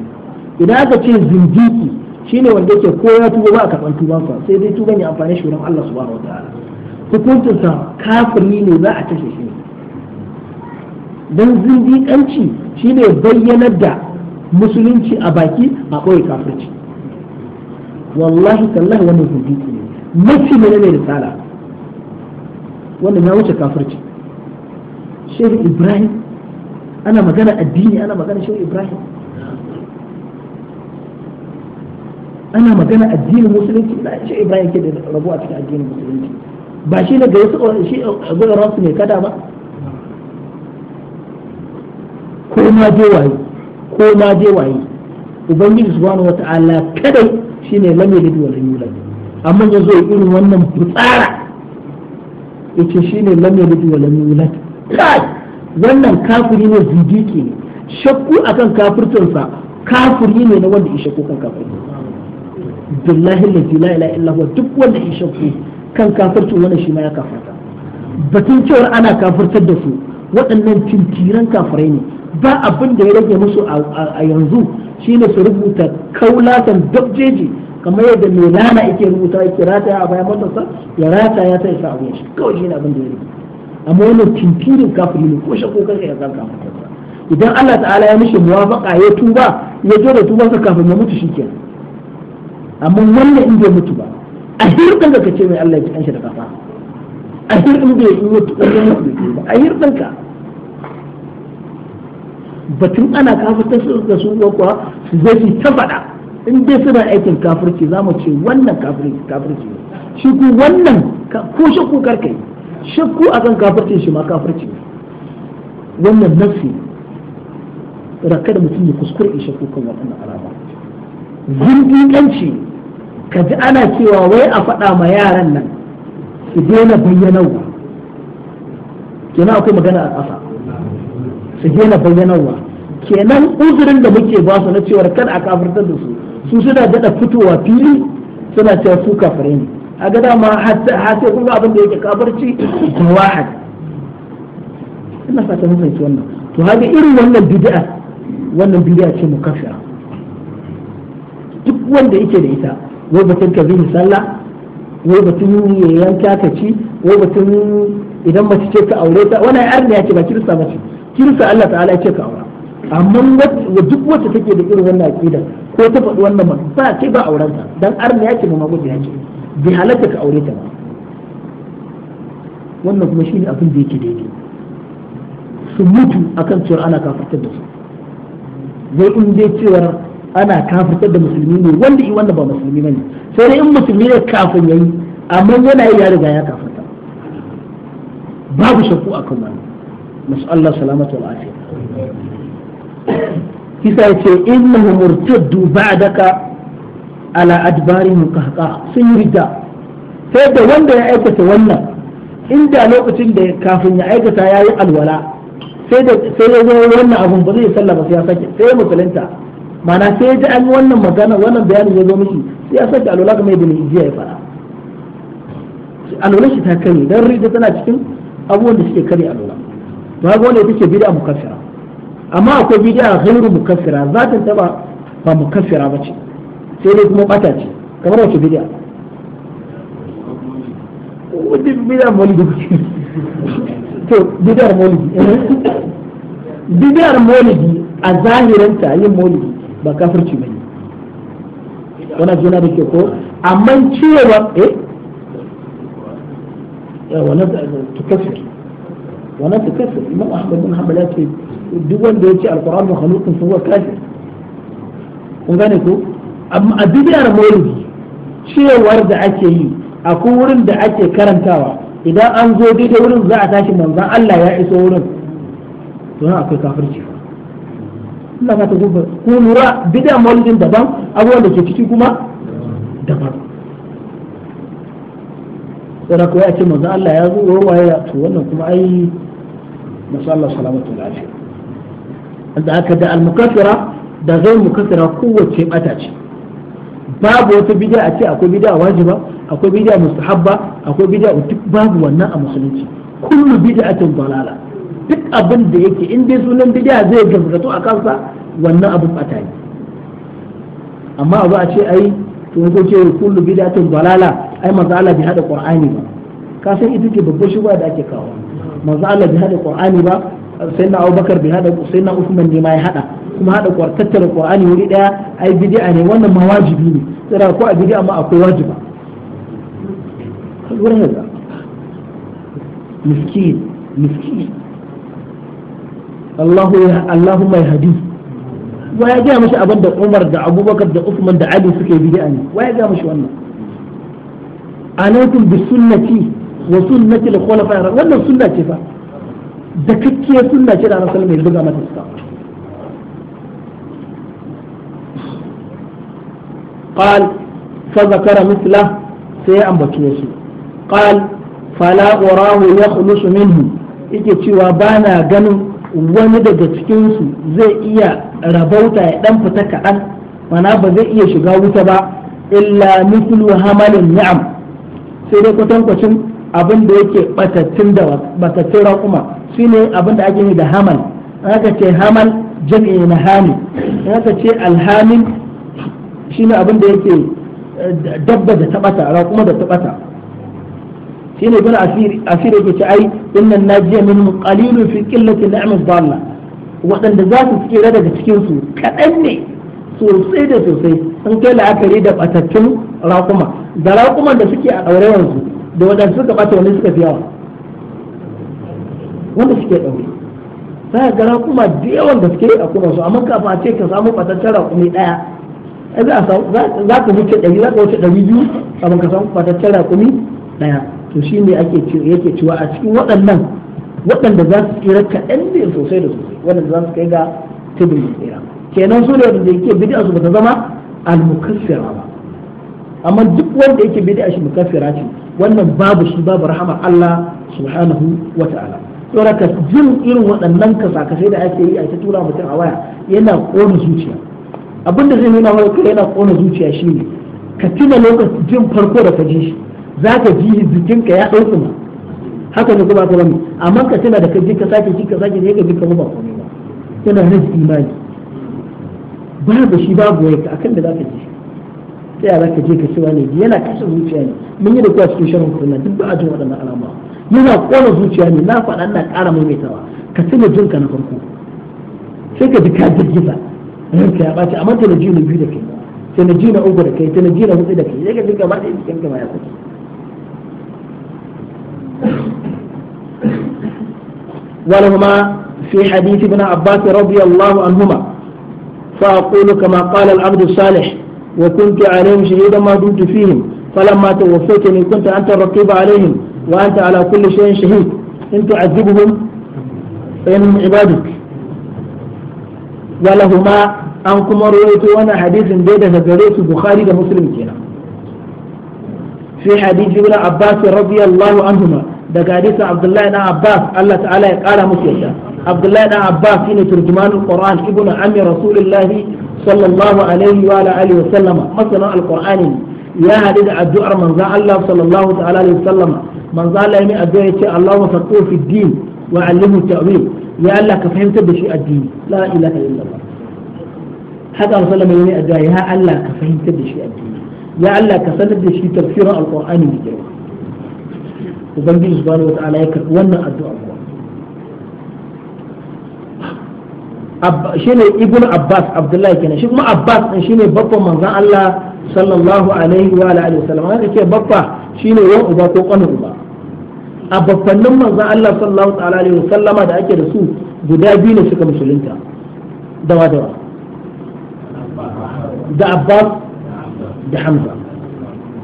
idan aka ce zindiki shine wanda yake ko ya tuba ba a karɓar tuban sa sai dai tuban ya amfani shi wurin Allah subhanahu wataala hukuncin sa kafiri ne za a kashe shi dan zindikanci shine bayyanar da musulunci a baki a koyi kafirci wallahi tallahi wannan zindiki ne mafi ne ne risala wannan ya wuce kafirci shehu ibrahim ana magana addini ana magana shehu ibrahim ana magana addinin musulunci da shehu ibrahim ke da rabu a cikin addinin musulunci ba shi ne ga yasu shi a gudun rasu ne kada ba ko ma je waye ko ma je waye ubangiji subhanahu wata'ala kadai shine lamme da wa lam yulad amma yanzu irin wannan fitsara yace shine lamme da wa lam yulad kai wannan kafiri ne zidiki ne shakku akan kafircinsa kafiri ne na wanda ya shakku kan kafirci billahi lazi la ilaha illa huwa duk wanda ya shakku kan kafircin wannan shi ma ya kafirta batun cewar ana kafirtar da su waɗannan tintiran kafirai ne ba abin da ya rage musu a yanzu shine su rubuta kaulatan dabjeji kamar yadda mai lana yake rubuta yake rataya a baya matasa ya rataya ta isa abin shi kawai shine abin da ya rage amma wannan tintirin kafiri ne ko shakko kanka ya san kafin idan Allah ta'ala ya mishi muwafaqa ya tuba ya je da tubansa kafin ya mutu shikenan amma wannan inda ya mutu ba a hirɗin ka ce mai Allah ya kanshi da kafa a hirɗin ya yi mutu ba a hirɗin ka batun ana su da su kuwa su zai ta faɗa in dai suna aikin kafirci za mu ce wannan kafirci ne shi ku wannan ko shakku karkai shakku kan kafircin shi ma kafirci wannan nafsi raka da mutum ya kuskure in shakku kan wannan alama zindiƙanci ka ji ana cewa wai a faɗa ma yaran nan su daina bayyanarwa kenan akwai magana a ƙasa su daina bayyanarwa kenan uzurin da muke ba su na cewar kada a kafirtar da su su suna daɗa fitowa fili suna cewa su kafirai ne a ga dama har kun ga abin da yake kafirci wahad ina fata mun fahimci wannan to haka irin wannan bid'a wannan bid'a ce mukaffira duk wanda yake da ita wai batun ka bi sallah wai batun ya yanka ka ci wai batun idan mace ce ka aure ta wannan arna ya ce ba kirista ba ce kirista Allah ta'ala ya ce ka aura amma duk wacce take da irin wannan aqida ko ta faɗi wannan ba ce ba aurenta dan arna ya ce ma magudu ya ce bai halatta ka aure ta ba wannan kuma shine abin da yake daidai su mutu akan cewar ana kafirtar da su zai in dai cewar ana kafirtar da musulmi ne wanda i wannan ba musulmi bane sai dai in musulmi ne kafin yayi amma yana yi ya riga ya kafirta babu shakku akan wannan masu Allah salamatu wal afiya kisa yace innahum murtaddu ba'daka ala adbarihim kaka sun yi rida sai da wanda ya aikata wannan inda lokacin da kafin ya aikata ya yi alwala sai da sai ya zo wannan abun ba zai sallah ba sai ya sake sai ya musulunta mana sai ya ji an wannan magana wannan bayanin ya zo mishi sai ya sake alwala kamar ibn hijiya ya fara alwala shi ta kare dan rida tana cikin abubuwan da suke kare alwala to haka wanda ita ce bid'a mukaffira amma akwai bid'a ghairu mukaffira zata ta ba mukaffira ba ce sai dai kuma bata ce kamar wace bid'a wadda bid'a maulidi to bid'ar maulidi eh. bid'ar maulidi a zahirin ta yin maulidi ba kafirci bane wannan juna da ke ko amma cewa eh wannan tukafir wannan tukafir imam ahmad bin hanbal ya ce duk wanda ya ce alqur'anu makhluqun fa huwa kafir kun gane ko amma a bibiyar maulidi cewar da ake yi akwai wurin da ake karantawa idan an zo daidai wurin za a tashi manzan Allah ya iso wurin to na akwai kafirci Allah ka gufa ku lura bidiyar maulidin daban abubuwan da ke ciki kuma daban sai kuwa ya ce manzan Allah ya zo warwaye to wannan kuma ai masallar salamatu lafiya da aka da al da zai mukafira kowace bata ce babu wata bid'a a ce akwai bid'a wajiba akwai bid'a mustahabba akwai bid'a duk babu wannan a musulunci kullu bid'atin dalala duk abin da yake in dai sunan bid'a zai gamsato a kansa wannan abu bata ne amma abu a ce ai to ko ce kullu bid'atin dalala ai manzo Allah bai hada qur'ani ba ka san ita ce babbar shubha da ake kawo manzo Allah bai hada qur'ani ba sai na Abubakar bai hada sai na Uthman ne ma ya hada kuma hada kwartattar qur'ani wuri daya ai bidi'a ne wannan ma wajibi ne tsara ko a bidi'a ma akwai wajiba kalwar haka miskin miskin Allahu ya Allahumma yahdi wa ya ga mishi abin da Umar da Abubakar da Usman da Ali suke bidi'a ne wa ya ga mishi wannan alaikum bi sunnati wa sunnati al-khulafa wannan sunna ce fa da kakkiyar sunna ce da Rasul ya buga mata suka qal fa zakara mithla sai ya ambaci wasu qal fala urahu yakhlusu minhu yake cewa bana ganin wani daga cikinsu zai iya rabauta ya dan fita kaɗan mana ba zai iya shiga wuta ba illa mithlu hamalin na'am sai dai kwatankwacin abin da yake batattun da batattun raƙuma shine abin da ake yi da hamal aka ce hamal jami'i na hami aka ce alhamin ne abin da yake eh, dabba da tabata ra kuma da tabata shine ibn asir asir ke ce ai innan najiya min qalilun fi qillati ni'mat dalla waɗanda za su tsira daga cikin su kaɗan ne sosai da sosai sun kai la'akari da batattun raƙuma da raƙuman da suke a ɗaurewar su da waɗanda suka ɓata wani suka fi yawa wanda suke ɗaure za ka ga raƙuma da yawan gaske a kuma su amma kafin a ce ka samu ɓatattun raƙumi ɗaya za ka wuce ɗari za ka wuce ɗari biyu abin ka samu fataccen raƙumi ɗaya to shi ne ake yake ciwa a cikin waɗannan waɗanda za su tsira kaɗan ne sosai da sosai waɗanda za su kai ga tudun tsira kenan su ne waɗanda yake bid'a su bata zama al-mukaffira ba amma duk wanda yake bid'a shi mukaffira ce wannan babu shi babu rahama Allah subhanahu wa ta'ala saboda jin irin waɗannan kasa kasai da ake yi a ta tura mutum a waya yana ƙona zuciya abin da zai nuna mana kai yana kona zuciya shine ka tuna lokacin jin farko da ka ji shi za ka ji ka ya ɗauki ma haka ne kuma ta amma ka tuna da ka ji ka sake ji ka sake ji ka ji ka ba tana ba yana nan imani babu shi babu wai akan da za ka ji ya yara ka je ka ci wani yana kashe zuciya ne mun yi da kuwa cikin shirin kuma duk ba a jin waɗannan alama yana kona zuciya ne na faɗa na ƙara maimaitawa ka tuna jinka na farko sai ka ji ka girgiza ya ɓaci amma biyu da kai uku da kai hudu da kai duka ba ya saki ولهما في حديث ابن عباس رضي الله عنهما فأقول كما قال العبد الصالح وكنت عليهم شهيدا ما دمت فيهم فلما توفيتني كنت أنت الرقيب عليهم وأنت على كل شيء شهيد إن تعذبهم فإنهم عبادك ولهما an kuma rawaito wannan hadisin dai daga gare su bukhari da muslim kenan fi hadisi ibn abbas radiyallahu anhuma daga hadisin abdullahi dan abbas Allah ta'ala ya kara musu yadda abdullahi dan abbas shine turjumanul qur'an ibn ammi rasulullahi sallallahu alaihi wa alihi wa sallama masalan alqur'ani ya hadu da addu'ar manzon Allah sallallahu ta'ala alaihi wa sallama manzon Allah ya mai addu'a yace Allahumma faqih fi din wa 'allimhu ta'wil ya Allah ka fahimtar da shi addini la ilaha illallah haka musulmi ne addu'a ya Allah ka fahimtar da shi addini ya Allah ka sanar da shi tafsirin alqur'ani da yawa ubangiji subhanahu wataala ya karbi wannan addu'a shine ibnu abbas abdullahi kenan shi kuma abbas din shine babban manzon Allah sallallahu alaihi wa alihi wasallam haka ce babba shine yan uba ko kanin uba a babbannin manzon Allah sallallahu alaihi wasallama da ake da su guda biyu ne suka musulunta dawa dawa ده عباس ده حمزة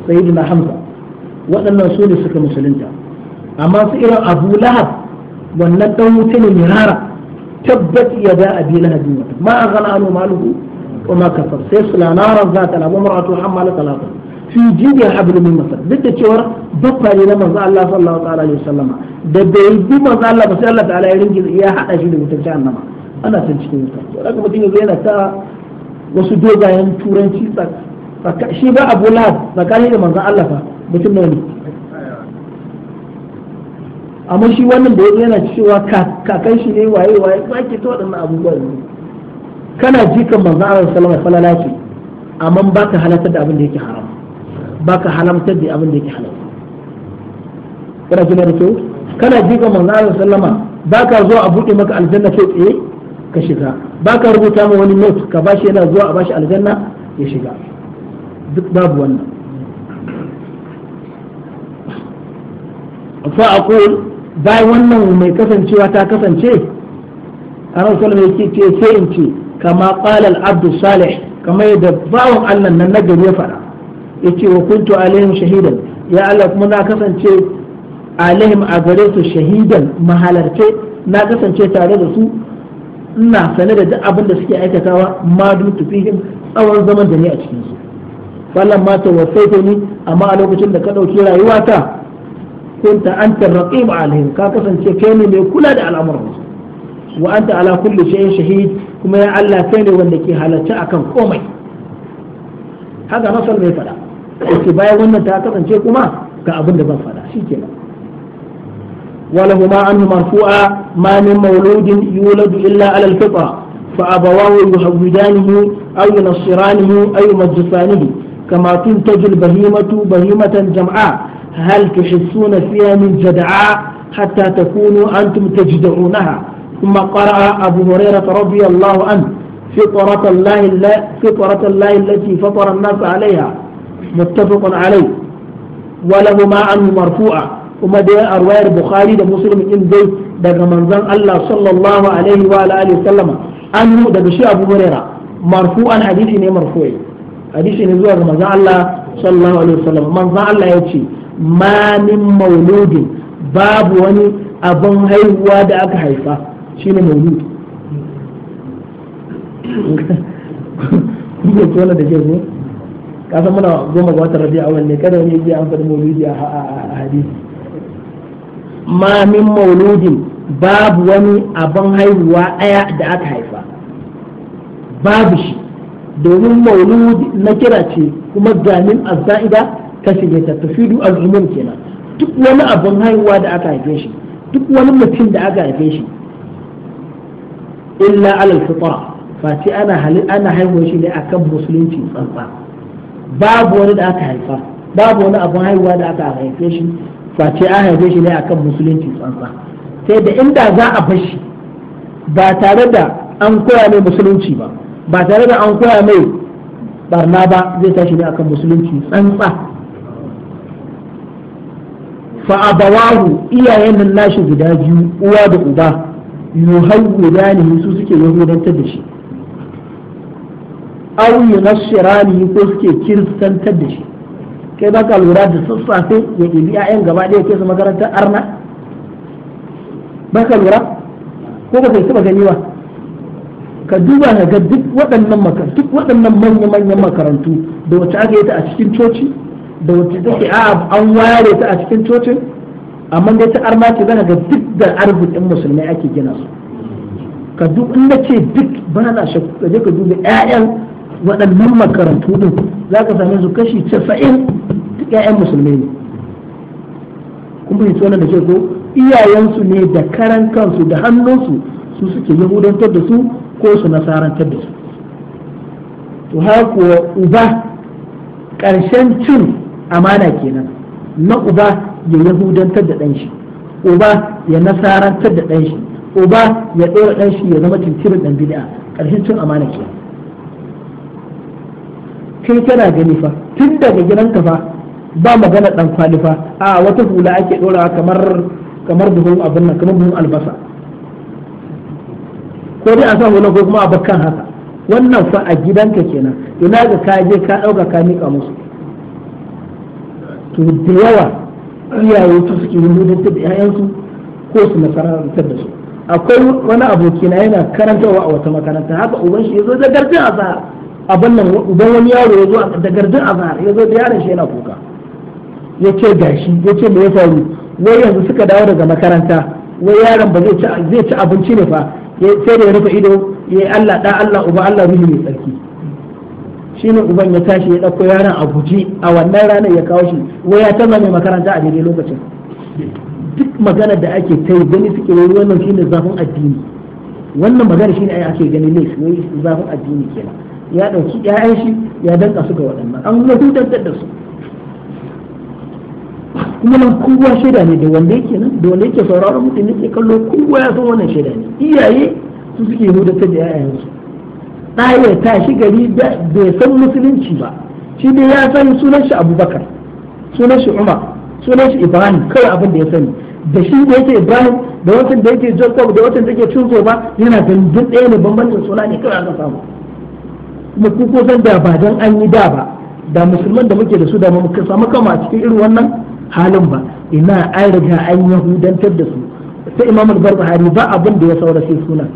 سيدنا حمزة وأنا رسول السكة مسلمة أما سيرا أبو لهب ونقوم تنم مرارا تبت يدا أبي لهب ما أغنى عنه ماله وما كفر سيس لا نارا ذات لا ومرأة حمالة لا في جيبها حبل من مصر بدت شورا بقى لنا مزا الله صلى الله عليه وسلم ده بيدي مزا الله بس الله تعالى يرنجي يا حتى شيء بتنشان نما أنا تنشي نما ولكن بتنشي نما wasu dogayen turanci shi ba abu lahab tsakani da manzan Allah fa mutum ne amma shi wannan da yana cewa kakan shi ne waye waye ba ke ta waɗannan abubuwa ne kana jikan manzan Allah salama falala ce amma ba ka halatar da abin da yake haram ba ka halamtar da abin da yake halal kana jina da kyau kana jikan manzan Allah salama ba ka zo a buɗe maka aljanna kai tsaye ka shiga ba ka rubuta ma wani note ka bashi yana zuwa a bashi aljanna ya shiga duk babu wannan fa bayan wannan mai kasancewa ta kasance annabi sallallahu ya ce sai in ce kama qala abdu salih kama yadda bawon Allah nan na gari ya ya yace wa kuntu alaihim shahidan ya ala kuma na kasance alaihim a gare su shahidan mahalarce na kasance tare da su ina sane da duk abin da suke aikatawa ma dutu fihim tsawon zaman da ni a cikin su falan ma ta wasaita ni amma a lokacin da ka dauki rayuwata kunta anta raqib alaihim ka kasance kai ne mai kula da al'amuran su wa anta ala kulli shay'in shahid kuma ya Allah kai ne wanda ke halatta akan komai haka masal mai fada yake bayan wannan ta kasance kuma ga abin da ban fada shikenan ولهما عنه مرفوعا ما من مولود يولد إلا على الفطرة فأبواه يهودانه أو ينصرانه أو يمجسانه كما تنتج البهيمة بهيمة جمعاء هل تحسون فيها من جدعاء حتى تكونوا أنتم تجدعونها ثم قرأ أبو هريرة رضي الله عنه فطرة الله فطرة الله التي فطر الناس عليها متفق عليه ولهما عنه مرفوعا kuma da a ruwayar bukhari da muslim din dai daga manzon Allah sallallahu alaihi wa alihi sallama an anhu daga shi abu huraira marfu'an hadisi ne marfu'i hadisi ne zuwa ga manzon Allah sallallahu alaihi wasallam manzon Allah ya ce ma min mauludin babu wani abin haihuwa da aka haifa shine maulud kuma ko wannan da ke zo ka san muna goma ga watan rabi'a wannan kada wani ya ji an faɗi mauludi a hadisi ma min mauludin babu wani abin haihuwa ɗaya da aka haifa babu shi domin mauludi na kira ce kuma gamin azza'ida ta shige ta tafidu al'umun kenan duk wani abin haihuwa da aka haife shi duk wani mutum da aka haife shi illa alal fitra face ana hali ana haihuwa shi ne akan musulunci tsantsa babu wani da aka haifa babu wani abin haihuwa da aka haife shi face an haife shi ne akan musulunci tsantsa sai da inda za a fashi ba tare da an koya mai musulunci ba ba tare da an koya mai barna ba zai tashi ne akan musulunci tsantsa fa abawahu iyayen nan nashi guda biyu uwa da uba yuhawwidanihi su suke yahudantar da shi aw yunassiranihi ko suke kiristantar da shi kai baka lura da sassafe ya ɗibi 'ya'yan gaba ɗaya kesa su makarantar arna baka lura ko ba kai taɓa gani ba ka duba na ga duk waɗannan makarantu duk waɗannan manya-manyan makarantu da wacce aka yi ta a cikin coci da wacce take a an ware ta a cikin cocin amma dai ta arma ce zaka ga duk da arzikin musulmai ake gina su ka duk in ce duk ba na shakku ka je ka duba 'ya'yan waɗannan makarantu din za ka same su kashi casa'in duk ƴaƴan ne kun fahimci wannan da ke ko iyayensu ne da karan kansu da hannunsu su suke yahudantar da su ko su nasarantar da su to haka kuwa uba ƙarshen cin amana kenan na uba ya yahudantar da ɗan shi uba ya nasarantar da ɗan shi uba ya ɗora ɗan shi ya zama tintirin ɗan bid'a ƙarshen cin amana kenan kai kana gani fa tun daga gidanka fa ba magana dan kwalifa a wata hula ake dora kamar kamar buhun abin nan kamar buhun albasa ko dai a sa hula ko kuma a bakkan haka wannan fa a gidanka kenan ina ga ka je ka dauka ka mika musu to da yawa iyaye su suke rubutar da 'ya'yansu ko su nasarantar da su akwai wani abokina yana karantarwa a wata makaranta haka uban shi yazo da garjin azhar abin nan uban wani yaro yazo da garjin azhar yazo da yaron shi yana kuka ya ce gashi ya ce me ya faru wai yanzu suka dawo daga makaranta wai yaron ba zai ci abinci ne fa sai da ya rufe ido ya Allah da Allah uba Allah ruhi mai tsarki shine uban ya tashi ya ɗauko yaron a guji a wannan ranar ya kawo shi wai ya tana mai makaranta a daidai lokacin duk magana da ake ta yi gani suke wani wannan shine zafin addini wannan magana shine ai ake gani ne wai zafin addini kenan ya ɗauki ƴaƴan shi ya danka su ga waɗannan an hutar da su kuma nan kowa shaida ne da wanda yake nan da wanda yake sauraron mutum yake kallo kowa ya san wannan shaida ne iyaye su suke hudatar da yayansu ɗaya ta tashi gari da bai san musulunci ba shi dai ya san sunan shi abubakar sunan shi umar sunan shi ibrahim kawai abin da ya sani da shi da yake ibrahim da watan da yake jacob da watan da yake cinzo ba yana da duk ɗaya ne bambancin suna ne kawai aka samu kuma ku ko san da ba dan an yi da ba da musulman da muke da su da mu samu kama a cikin irin wannan halin ba ina an riga an yahudantar da su sai imam al-barbahari ba abin da ya saura sai suna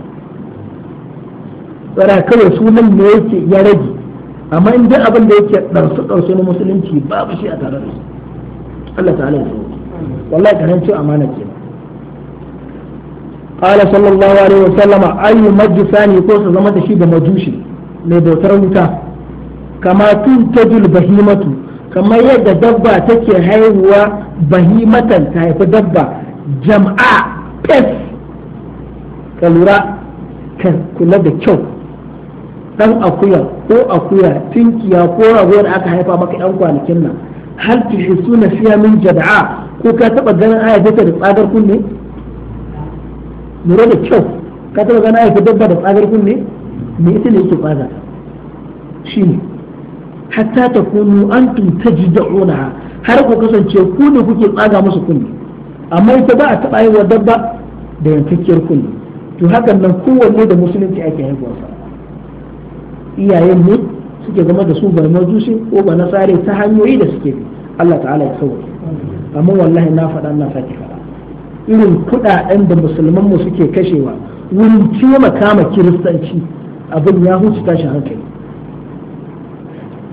tsara kawai sunan ne yake ya rage amma in dai abin da yake ɗarsu ɗarsu na musulunci ba shi a tare da su Allah ta'ala ya sauke wallahi kanan ce amana ke wa sallama الله عليه ko su zama da shi da majushi mai bautar wuta kama tun tajul bahimatu kamar yadda dabba take haihuwa bahimatan ta haifi dabba jama'a pes ka lura ka kula da kyau dan akuya ko akuya tinkiya ko rago da aka haifa maka yan kwanakin nan hal suna siya min jada'a ko ka taba ganin aya da tsadar kunne lura da kyau ka taba ganin aya dabba da tsadar kunne me ita ne yake shi ne hatta ta ji antum tajda'unaha har ku kasance ku ne kuke tsaga musu kunne amma ita ba a taba yi wa dabba da yankakkiyar kunne to hakan nan kowanne da musulunci ake haihuwarsa iyayen ne suke zama da su bar majusi ko ba tsare ta hanyoyi da suke bi Allah ta'ala ya sauke amma wallahi na faɗa na sake faɗa irin kuɗaɗen da musulman mu suke kashewa wurin taimaka ma kiristanci abin ya huce tashin hankali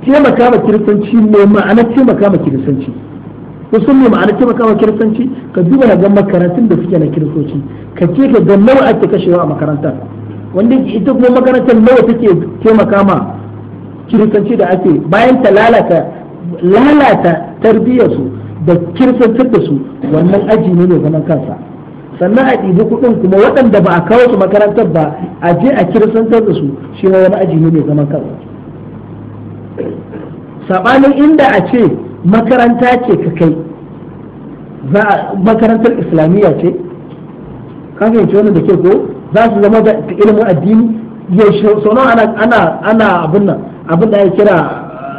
taimaka ma kiristanci mai ma'ana taimaka ma kiristanci kusan ne ma'ana taimaka ma kiristanci ka duba na gan makarantun da suke na kiristoci ka ce ka ga nawa ake kashewa a makarantar wanda ita kuma makarantar nawa take taimaka ma kiristanci da ake bayan ta lalata lalata tarbiyyarsu da kiristantar da su wannan aji ne mai zaman kansa sannan a ɗibi kuɗin kuma waɗanda ba a kawo su makarantar ba a je a kiristantar da su shi ne wani aji ne mai zaman kansa sabanin inda a ce makaranta ce ka kai za makarantar islamiyya ce kafin fahimci wannan da ke ko za su zama da ilimin addini yaushe sau nawa ana ana ana abin nan abin da ya kira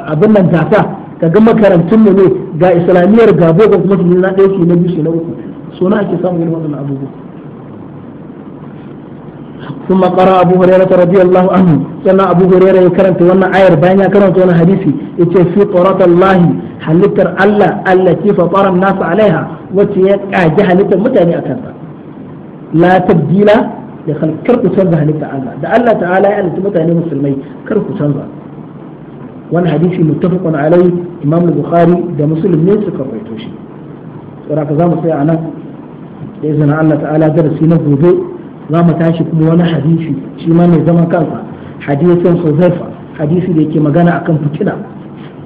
abin nan ka ga makarantun ne ga islamiyyar gabo ga kuma su na ɗaya su na biyu su na uku so ake samun ilimin abubuwa ثم قرأ أبو هريرة رضي الله عنه سمع أبو هريرة يكرم تونا آير بين يكرم تونا حديثي يتي فطرة الله حلتر الله التي فطر الناس عليها وتي أعجها لتر متاني أكرم لا تبديل لخلق كرك تنزع حلتر الله ده الله تعالى يعني متاني مسلمي كرك تنزع وانا حديثي متفق عليه إمام البخاري ده مسلم ليس كرويتوشي ورا كذا مصير عنه بإذن الله تعالى درسي نفوذه za mu tashi kuma wani hadisi shi ma mai zaman kansa hadisin huzaifa hadisi da yake magana akan fitina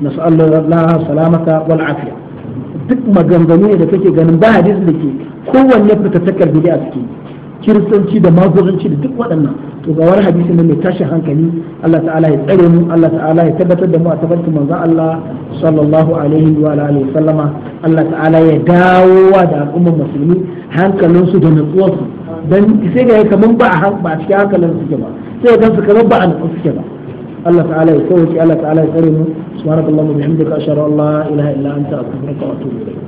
na sallallahu salamata wal afiya duk maganganu ne da take ganin ba hadisi da ke kowanne fitattakar a suke kiristanci da magozanci da duk waɗannan to ga wani hadisi ne mai tashin hankali Allah ta'ala ya tsare mu Allah ta'ala ya tabbatar da mu a tabbatar manzon Allah sallallahu alaihi wa alihi sallama Allah ta'ala ya dawo da al'ummar musulmi hankalin su da nutsuwar su dan sai ga kaman ba a ba a cikin hankalin su ke ba sai ga su kaman ba a su ke ba Allah ta'ala ya sauke Allah ta'ala ya tsare mu subhanakallahumma bihamdika ashhadu an la ilaha illa anta astaghfiruka wa atubu ilayk